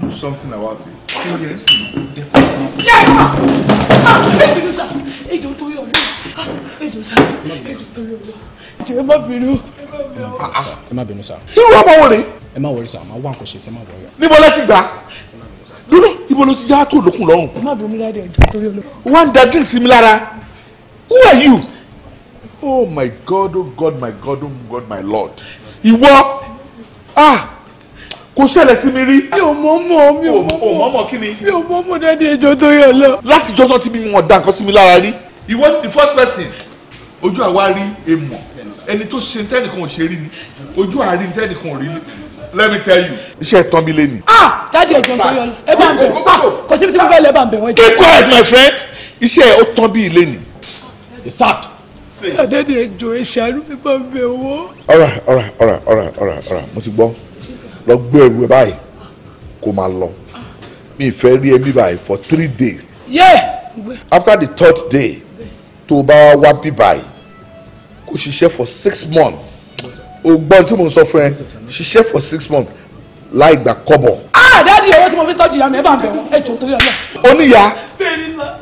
do something about it. kí ló dé ah, ẹ sì definitely. ẹ jọ torí ọlọ́run ah, ẹ jọ sáré ẹ jọ torí jẹ́ ẹ má bínú. Ah, ẹ má bínú sá. irú ọmọ wo rè. ẹ má wọrí sá máa wá nǹkan ṣe sí ẹ má wọrí. níbo lẹ ti gbà dúró ibo ló ti yá tó lókun lọ́rùn. ẹ má bínú dáadé ọjọ́ torí olóko. wá ń da drink mi lára who are you. oh my god oh god my god oh god my lord. ìwọ ah kò ṣẹlẹ̀ sí mi rí. mi ò mọ̀ mọ̀ mi ò oh, mọ̀ oh, mọ̀ mọ̀ mọ̀ kí ni. mi ò mọ̀ mọ̀ dáadé ẹjọ́ torí olóko. láti jọ́sọ́ tí mi mọ̀ dá nǹkan sí mi lára rí. ìwọ the first person ojú àwa rí èèmọ̀ ẹni tó ṣe tẹ́nìkan ò ṣe rí ni ojú àárín tẹ́nìkan ò rí ni let me tell you. iṣẹ́ tán mi lé ni. ah dájú ẹ̀jọ̀ nítorí ọ̀la ẹ bá ń bẹ̀ ah! kò síbi tí mo fẹ́ lẹ́ bá ń bẹ̀ wọ́n. keep quiet my friend iṣẹ́ ó tán bí ilé ni. sad. Eh, adédè ẹjọ ìṣàánú mi bá ń bẹ̀ wọ́. ọ̀rà ọ̀rà ọ̀rà ọ̀rà ọ̀rà ọ̀rà mo ti gbọ́ lọ gbé ẹrù ẹ báyìí kó máa lọ mi fẹ́ rí ẹ báyìí for three days. yeah. after the third day tó bá wá bí báyìí kò ṣiṣẹ́ for six months o gbọ́n tí mo sọ fún ẹ ṣiṣẹ́ for six months láì gbà kọ́bọ̀. ah dáàdi owó tí mo fi tọ́jú ìyá mi ẹ bá ń bẹ̀rù ẹ jọ torí ọlọ́. oníyà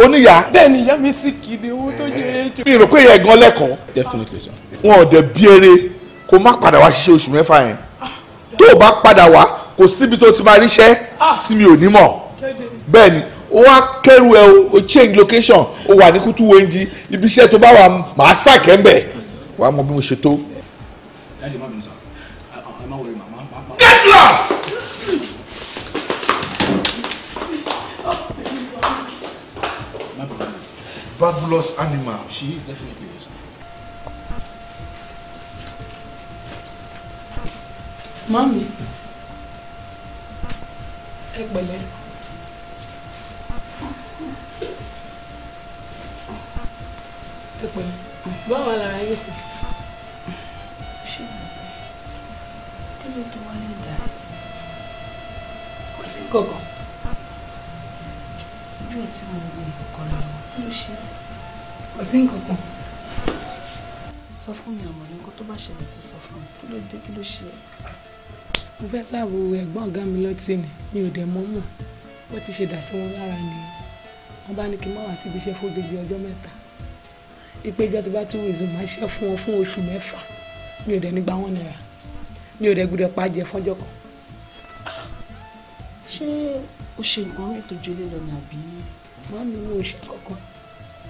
oníyà. bẹ́ẹ̀ni ìyá mi sì kìdí owó tó jẹ ẹ jọ. mi rò pé ìyá ẹ̀gán lẹ́kọ̀ọ́. definitely sir. wọn ò dẹ̀ bí eré kó má padà wá ṣiṣẹ́ oṣù mẹ́fà yẹn tó o bá padà wá kò síbi tó ti máa ríṣẹ́ sí ah. mi ò ní mọ̀ bẹ́ẹ̀ni ó wá kẹ́rù ẹ o change location ó wà ní kútú wenji ibi iṣẹ́ tó bá wà máa ṣàkẹ́ wàá mọ bí mo ṣe tó. get lost. Fabulous animal. She is definitely yes. Mami, ẹ pẹ̀lẹ́. Ẹ pẹ̀lẹ́. Báwo la ra yín sí? ló tó wọlé dà kò sí gọ̀gàn ojú ẹ̀ tí mo wò ìkọ̀kọ̀ làwọn kí ló ṣe kò sí nǹkankan sọ fún mi àmọ́ ní kó tó bá ṣẹlẹ̀ kó sọ fún mi kí ló dé kí ló ṣe mo fẹ́ sáàbò ẹ̀gbọ́n ọ̀gá mi lọ́tì ni mi ò dẹ̀ mọ́ mọ̀ wọ́n ti ṣe dà sí wọn lára nìyẹn wọ́n bá ní kí n má wá síbi iṣẹ́ fún odidi ọjọ́ mẹ́ta ìpéjọ tó bá tún wèzò máa ṣe fún wọn fún oṣù mẹ́fà mi ò dẹ̀ ní gbà nira mi ò rẹ́gbẹ̀rẹ́ pa jẹ fọ́jọ́ kan. ṣé o ṣe nǹkan rẹ̀ tó jọlé lọ nàbí. má mi wo ṣe kankan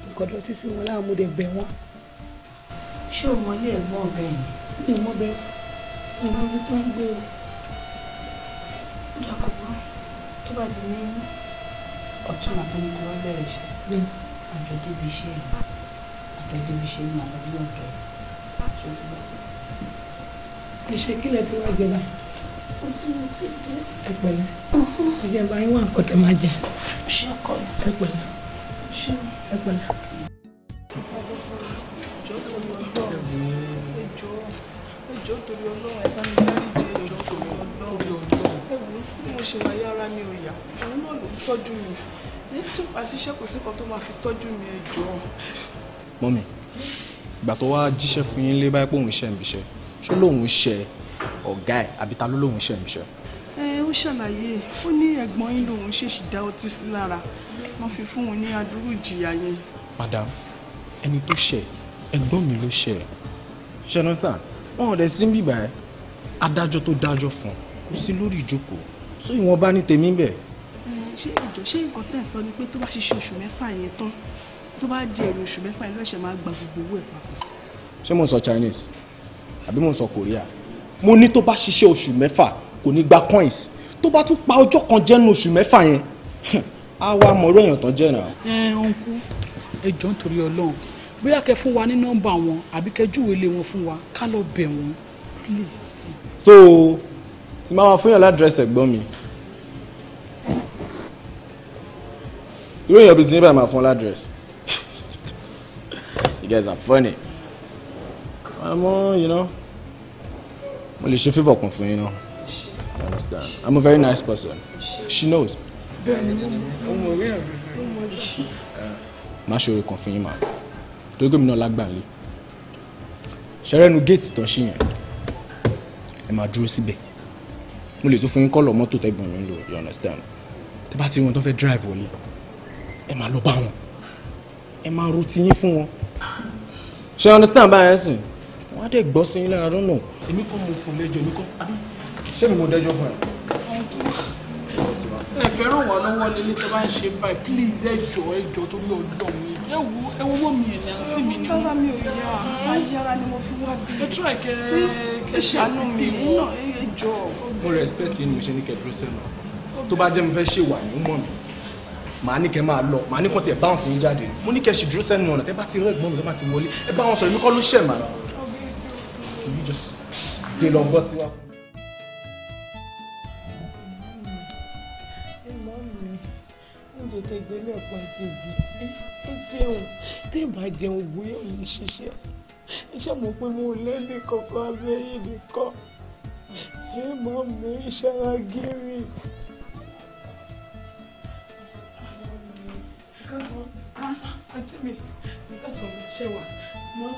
nǹkan dọ̀tí sí wọn láwọn ọmọdé bẹ̀ wọ́n. ṣé o mọ ilé ẹ̀gbọ́n ọ̀gá ẹ̀ mi ò mọ bẹ́ẹ̀ mi ò mọ tó ń gbé o. ó dà kó burú tó bá di ní ọ̀tún àtọ́nukọ́ wọn bẹ̀rẹ̀ iṣẹ́ àjọ débi iṣẹ́ àjọ débi iṣẹ́ ní àlọ́ bí ọ̀gá ẹ̀ ṣojúbọ̀ ìṣèkílẹ̀ tí wàá jẹ báyìí. mo ti mo ti dé. ẹ pẹ̀lẹ́ ọjọ́ uh-huh. ìbá yín wà nǹkan tẹ máa jẹ. ṣé ọkọ mi. ẹ pẹ̀lẹ́ ṣé ẹ pẹ̀lẹ́. ìjọ tó lọ lọ ẹjọ ẹjọ torí Ọlọ́run ẹ bá mi dáríjì ẹjọ tó lọ lọ ẹ wò ó bí mo ṣe wáyé ara mi ò yá òun náà ló ń tọ́jú mi ètò àṣìṣe kò sí kan tó máa fi tọ́jú mi ẹjọ. mọ́mi ìgbà tó wá jíṣẹ́ fún yín lé báyìí pòun iṣẹ́ ìbíṣẹ́ ṣó lòun ṣe ọ̀gá ẹ̀ àbí ta ló lòun ṣe ń ṣe. ẹ ó ṣàlàyé ó ní ẹ̀gbọ́n yín lòun ṣèṣì dá ọtí sí lára wọ́n fi fún un ní adúrú ìjìyà yẹn. madam ẹni tó ṣe ẹ̀gbọ́n mi ló ṣe ṣẹnusa wọn ò dẹ sí bíbá ẹ adájọ́ tó dájọ́ fún kò sí lórí ìjókòó tó ìwọn bá ní tèmi bẹ. ṣé ìjọ ṣé nǹkan tẹ̀ sọ ni pé tó bá ṣiṣẹ́ oṣù mẹ́fà yẹn tán tó bá di ẹ̀yìn oṣù mẹ́fà yẹn lọ́ọ̀ṣẹ̀ máa gba gbogbo owó ẹ̀ papọ̀. ṣé mo sọ Chinese àbí mò ń sọ Korea mo ní tó bá ṣiṣẹ́ oṣù mẹ́fà kò ní gba coins tó bá tún pa ọjọ́ kan jẹ́ oṣù mẹ́fà yẹn á *laughs* wá mọ èèyàn tán jẹ́ náà. ẹ ọ̀nkú ẹ nítorí Ọlọ́run bóyá kẹ fún wa ní nọ́mbà wọn àbí kẹ júwe ilé wọn fún wa ká lọ bẹ̀ wọ́n please. so tí máa wá fún yàn ládírẹ́sì ẹ̀gbọ́n mi irú èèyàn bíi ti ní báyìí máa fún ládírẹ́sì *laughs* you guys are funny. I'm a, you know mo lè ṣe favour kan fún yín náà I understand I'm a very nice person she knows. bẹ́ẹ̀ni mo mọ orí ẹ má ṣòro kan fún yín màá torí gómìnà lágbàlẹ ṣẹrẹnu géètì tán ṣì yẹn ẹ máa dúró síbẹ̀ mo lè tún fún yín kọ́lọ̀ mọ́tò tẹ́gbọ̀n mi ń lò you understand tẹ́ bá ti rí wọn tó fẹ́ drive wọlé ẹ máa lọ bá wọn ẹ máa ro tiyín fún wọn ṣe understand báyẹn sìn wọ́n á dẹ̀ gbọ́ sí yín lára lọ́nà. èmi kọ́ mo fún lẹ́jọ́ èmi kọ́ àbí ṣé mi mo dẹ́jọ́ fún ẹ. ẹ fẹ́ràn wà lọ́wọ́ lélé tó bá ń ṣe báyìí please ẹ jọ ẹ jọ torí ọjọ́ mi ẹ wo ẹ wo mi ẹ̀ ní àǹtí mi ni mo. rárá mi ò yá ayára ni mo fi wá bí. ẹ tún àìkẹ kẹ ṣe àpìtì wọn. ẹ jọ. mo respect yín ni mo ṣe ní kẹdúró sẹ́nu tó bá jẹ́ mi fẹ́ ṣèwà ni ó mọ̀ mi màá ní kẹ máa lọ màá ní kàn tiẹ̀ bounce yín jáde mo ní kẹ ṣì dúró sẹ́nu ọ̀nà tẹ́ bá ti rẹ́ ẹ̀gbọ́n mi tẹ́ bá ti wọlé ẹ bá wọn èmi kọ́ ló ṣẹ̀ màá. Will you just dé lọ gbọ́ you. tètè délé ọ̀pọ̀ àti ìbí ẹ jẹun tẹ́ ẹ bá jẹun bóyá ò ní ṣiṣẹ́ ẹ ṣe mọ̀ pé mo lẹ́nu kankan abẹ́ yìí nìkan ẹ mọ̀ mi ṣara gírí. àti mi nígbà sọ̀rọ̀ ṣẹ̀wà mọ́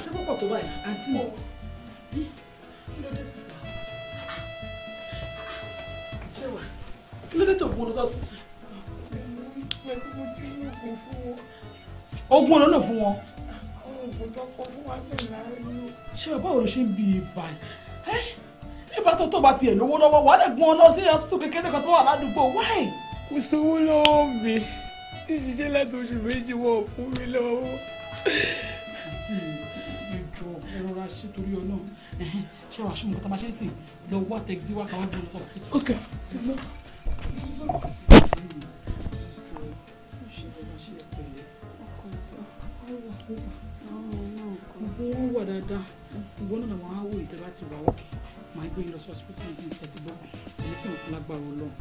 ṣé pọ̀pọ̀ tó báyìí àǹtí mi kí ló dé sísá ah, ah. ṣé wà kí ló dé tó ogun olóòlò fún wọn. oògùn tó kọ fún ṣe ń bi ìbà ìfà tó tó bá tiẹ̀ lówó lọ́wọ́ wàá dẹ̀ gbọ́n lọ sí àtúntò kékeré kan tó wà ládùúgbò wáì. kò sówó lọ́wọ́ mi ìṣiṣẹ́ láti oṣù méjì wọ́n fún mi lọ́wọ́ rọra ṣe torí ọlọ́run ṣé wàá ṣe tá a máa ṣe ń sìn lọ wá tẹ̀sí wá káwá gbọ́dọ̀ sọ́sì. ok ti lọ. wọ́n wà dáadáa ìwọ náà làwọn á wò ìtẹ́lá ti wà ókè máa gbé yín lọ sọ́sì pé kí n bọ́ èyí sì ń fún lágbára ọlọ́run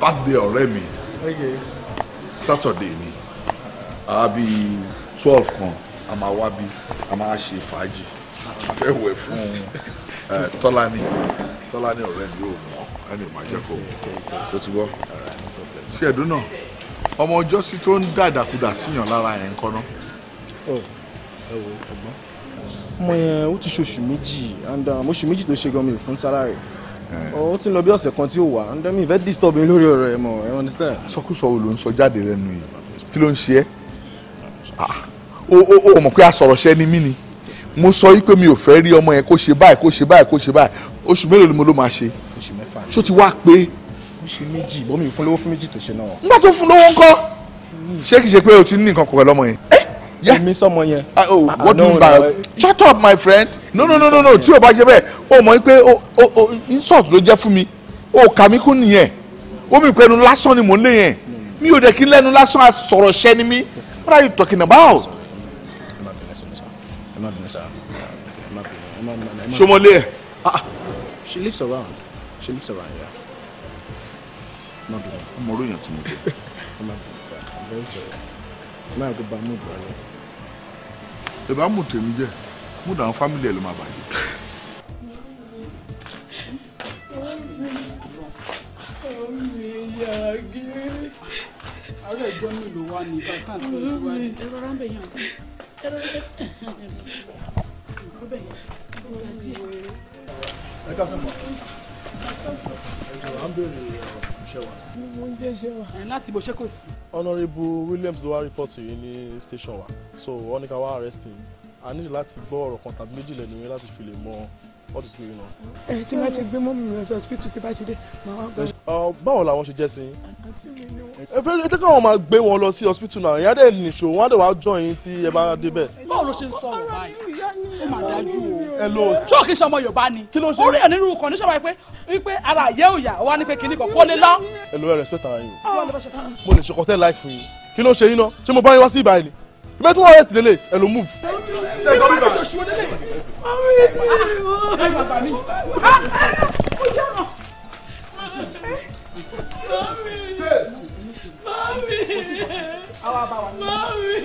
birthday ọ̀rẹ́ mi saturday ni àbí twelve kan a máa wá bí a máa ṣe fàájì a fẹ́ wẹ̀ fún tọ́lání tọ́lání ọ̀rẹ́ mi yóò mọ̀ ẹni máa jẹ́ kó ṣe ti bọ́ sí ẹ̀dùn náà ọmọ ọjọ́ sí tó ń dàdàkudà síyàn lára ẹ̀ ń kọ́ná. ọmọ yẹn ó ti ṣoṣù méjì and um, oṣù méjì tó ṣe gan mi ò fún sálárì ó ti lọ bí ọ̀sẹ̀ kan tí ó wà and um, mi ìfẹ́ disturb mi lórí ọ̀rọ̀ ẹ̀ mọ̀ ẹ̀ understand. sọkúsọ wo ló ń sọ jáde lẹ́nu yìí kí ló ń ṣe ẹ́ ah, o o o mọ̀ pé asọ̀rọ̀ṣẹ́ ni mí ni mo sọ wípé mi ò fẹ́ rí ọmọ yẹn kó ṣe báyìí kó ṣe báyìí kó ṣe báyìí oṣù mélòó ni mo ló máa ṣe oṣù mẹ́fà ṣó ti wá pé oṣù méjì bómi fún lówó fún méjì tó ṣe náà. nígbà tó fún lówó ńkọ́ ṣé kìí ṣe pé o ti ní nǹkan kọ̀ọ̀kan lọ́mọ yẹn. ẹ eh, eh, mi sọmọ yẹn. Ah, oh ah, what do you mean eh, shut up my friend no no no no no tí o bá ṣe bẹ́ẹ̀ o mọ̀ pé o insult ló jẹ́ fún mi o kà mí kún nìyẹn o mi pẹ́nu lásán ni mò ń lé yẹn mi ò dẹ̀ kí lẹ́nu lásán asọ̀rọ̀ ni mí what are you talking about má bínú sá ẹ má bínú ẹ má bínú. ṣọmọlé ẹ. Ah, ah she lives around she lives around Yeah. má bínú. ọmọ orí yẹn tún mú bẹ. ẹ i'm very sorry má yà kó ba mú ìbúra lọ. ẹ bá mú tèmi jẹ mú dàn fámìlì ẹ ló máa bàjẹ́. àárẹ̀ jọ́ mi ló wà ní Honorable ká sọmọ à ń béèrè iṣẹ́ wa. williams ló wá rìpọ́tì yìí ní station wa so wọ́n ní ká wá arrest him a nílò láti gbọ́ ọ̀rọ̀ kan tàbí méjì lẹ́nu yẹn láti fi lè mọ what is going on. ẹ tí bá ti gbé mọ́mí mi lọ sí hospital tí bá ti dé báwo làwọn ṣe jẹ́ sí yín ẹ tẹ́ káwọn máa gbé wọn lọ sí hospital náà ìyá dẹ̀ nìṣó wọn á dẹ̀ wá jọ yín tí ẹ bá débẹ̀. báwo ló ṣe ń sọ̀rọ̀ báyìí ó mà dájú o. ẹ lọ sí. ṣọ́ọ̀kì ṣọmọ yorùbá ni orí ẹ̀ nínú kan níṣọ́ báyìí pé wípé ara àyẹ́ òyà wà ní pé kìnnì kan kó lé lọ. ẹ lọ ẹ respect ara yín o mo lè ṣokọtẹ́ láì fún yín kí ló ṣe yín náà ṣé mo bá yín wá sí ìbáyìí ni tí wọ́n rẹ̀ sí lélẹ̀ ẹ lọ move. ṣe é gbọ́ bíbá. wá bá wa. mọ́mí.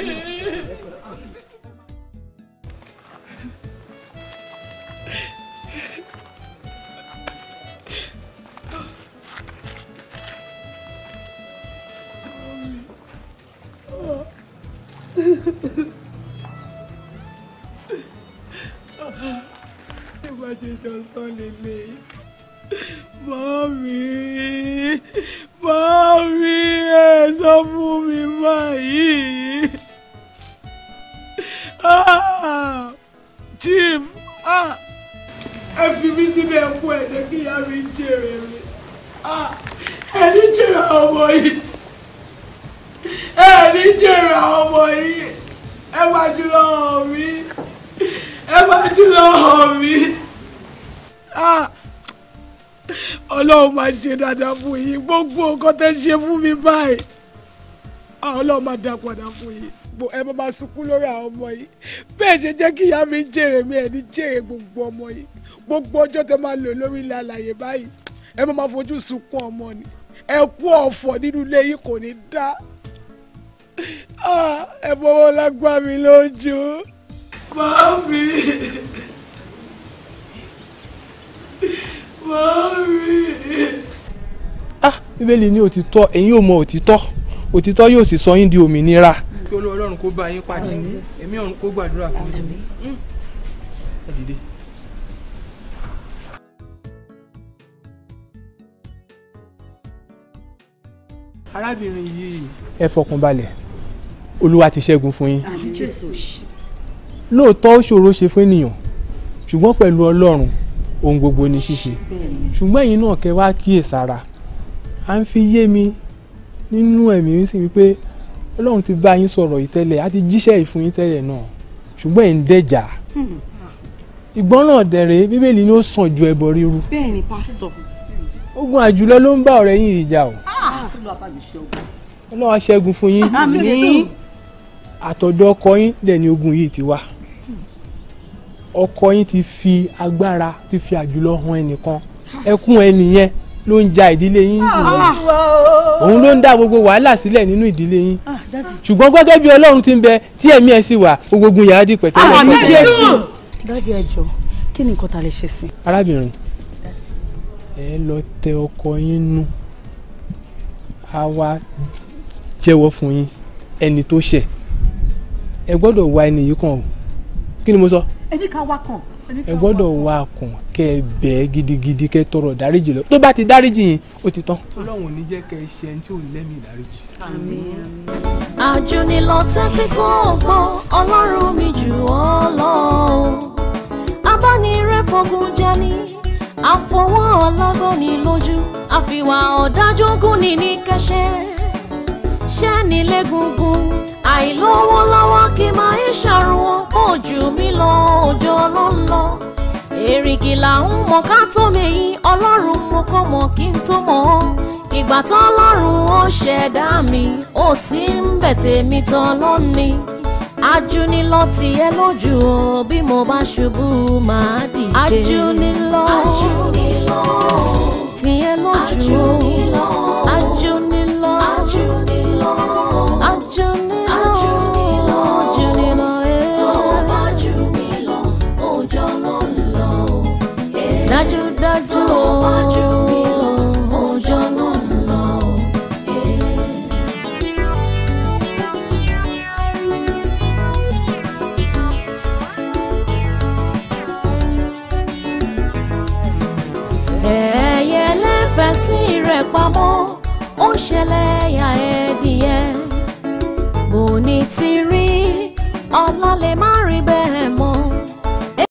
Ìbájẹ́ jọ sọ lélẹ̀. Mọ́mí. Mami, ẹ sọ fún mi báyìí. Chief, *laughs* ah, ah, ẹ fi mí síbẹ̀ fún ẹ̀jẹ̀ kí ìyá mi jèrè mi. Ah, Ẹni jèrè ọmọ yìí. Ẹni jèrè ọmọ yìí. Ẹ má jùlọ hàn mí. Ẹ má jùlọ hàn mí. Ah! ọlọ́run máa ṣe dáadáa fún yín gbogbo nǹkan tẹ́ ṣe fún mi báyìí ọlọ́run máa dá padà fún yín ẹ má máa sunkún lórí àwọn ọmọ yìí bẹ́ẹ̀ ṣe jẹ́ kí ìyá mi jèrè mi ẹ̀ ní jèrè gbogbo ọmọ yìí gbogbo ọjọ́ tẹ́ máa lò lórí ilẹ̀ àlàyé báyìí ẹ má máa fojú sunkún ọmọ ni ẹ kú ọ̀fọ̀ nínú ilé yìí kò ní dá ẹ bọ́wọ́ lágbá mi lójú máa fi ah bíbélì ní òtítọ́ ẹ̀yin ò mọ òtítọ́ òtítọ́ yóò sì sọ yín di òmìnira. kí olú ọlọ́run kó bá yín pàdé ẹ̀mí ọ̀run kó gbàdúrà fún yín. Hmm. ẹ dìde. arábìnrin yìí. ẹ fọkàn balẹ̀ olúwa ti ṣẹ́gun fún yín. lóòótọ́ ó ṣòro ṣe fún ènìyàn ṣùgbọ́n pẹ̀lú ọlọ́run ohun gbogbo ni ṣíṣe ṣùgbọ́n ẹ̀yin náà kẹ́ wá kíyè sára à ń fi yé mi nínú ẹ̀mí sí wípé ọlọ́run ti bá yín sọ̀rọ̀ yìí tẹ́lẹ̀ àti jíṣẹ́ ìfún yín tẹ́lẹ̀ náà ṣùgbọ́n ẹ̀ ń dẹ̀jà hmm. ìgbọ́ràn dẹ̀rẹ̀ bíbélì ni ó sàn ju ẹbọ ríru bẹ́ẹ̀ni pásítọ̀ ogun àjùlọ ló ń bá ọ̀rẹ́ yín ìjà o ah! ọlọ́run aṣẹ́gun fún yín àtọ̀dọ̀ ọkọ yín dẹ̀ ni ogun yìí ti wá ọkọ yín ti fi agbára ti fi àjùlọ han ẹnìkan ẹkún ẹnìyẹn ló ń ja ìdílé yín sílẹ̀ òun ló ń dá gbogbo wàhálà sílẹ̀ nínú ìdílé yín ah, ṣùgbọ́n gẹ́gẹ́ bí Ọlọ́run ti ń bẹ tí ẹ̀mí ẹ̀ sì wà gbogbo yàrá di pẹ̀tẹ́lẹ̀. àmì díẹ̀ sí dájú ẹ kí ni nǹkan tá lè ṣe sí. arábìnrin ẹ lọ tẹ ọkọ yín nú a wá jẹ́wọ́ fún yín ẹni tó ṣẹ̀ ẹ gbọ́dọ̀ wá ẹni yìí kàn o kí ni mo sọ. So? ẹni ká wá kàn. ẹ gbọ́dọ̀ wá kàn kẹ́ ẹ bẹ́ẹ̀ gidigidi kẹ́ ẹ tọrọ dáríjì lọ tó bá ti dáríjì yín ó ti tán. ọlọ́run ò ní jẹ́ kẹ́ ṣe ẹni tí ò lẹ́mí ìdáríjì. àjùnilọ́tẹ́ tí kò gbọ́ ọlọ́run mi jù ọ́ lọ abánirẹ́fọ̀gùn jẹni àfọwọ́ ọlágbọ́ni lójú àfiwà ọ̀dájú gún ni ní kẹ́sẹ́ ṣẹ́nilégúngún àìlówó lọ́wọ́ kí máa ń ṣàrùwọ̀n ojú mi lọ òjò ọlọ́lọ́ èrìgì là ń mọ ká tó mẹ́yìn ọlọ́run mo kọ́ mọ kí n tó mọ̀ ọ́ ìgbà tó ọlọ́run ó ṣẹ̀dá mi ó sì ń bẹ̀ tèmi tán lónìí ajúnilọ́ ti yẹ lójú o bí mo bá ṣubú máa dìde ajúnilọ́ ti yẹ lójú o. jù mí lọ. àjù mí lọ. àjù mí lọ. tó o bá jù mí lọ òjò ló ń lọ. dájúdájú o. tó o bá jù mí lọ òjò ló ń lọ. ẹ̀ẹ́yẹ lẹ́fẹ̀ẹ́ sí rẹ̀ pamọ́ ó ṣẹlẹ̀ yà ẹ́. Eh òní ti rí ọ̀la lè má rí bẹ́ẹ̀.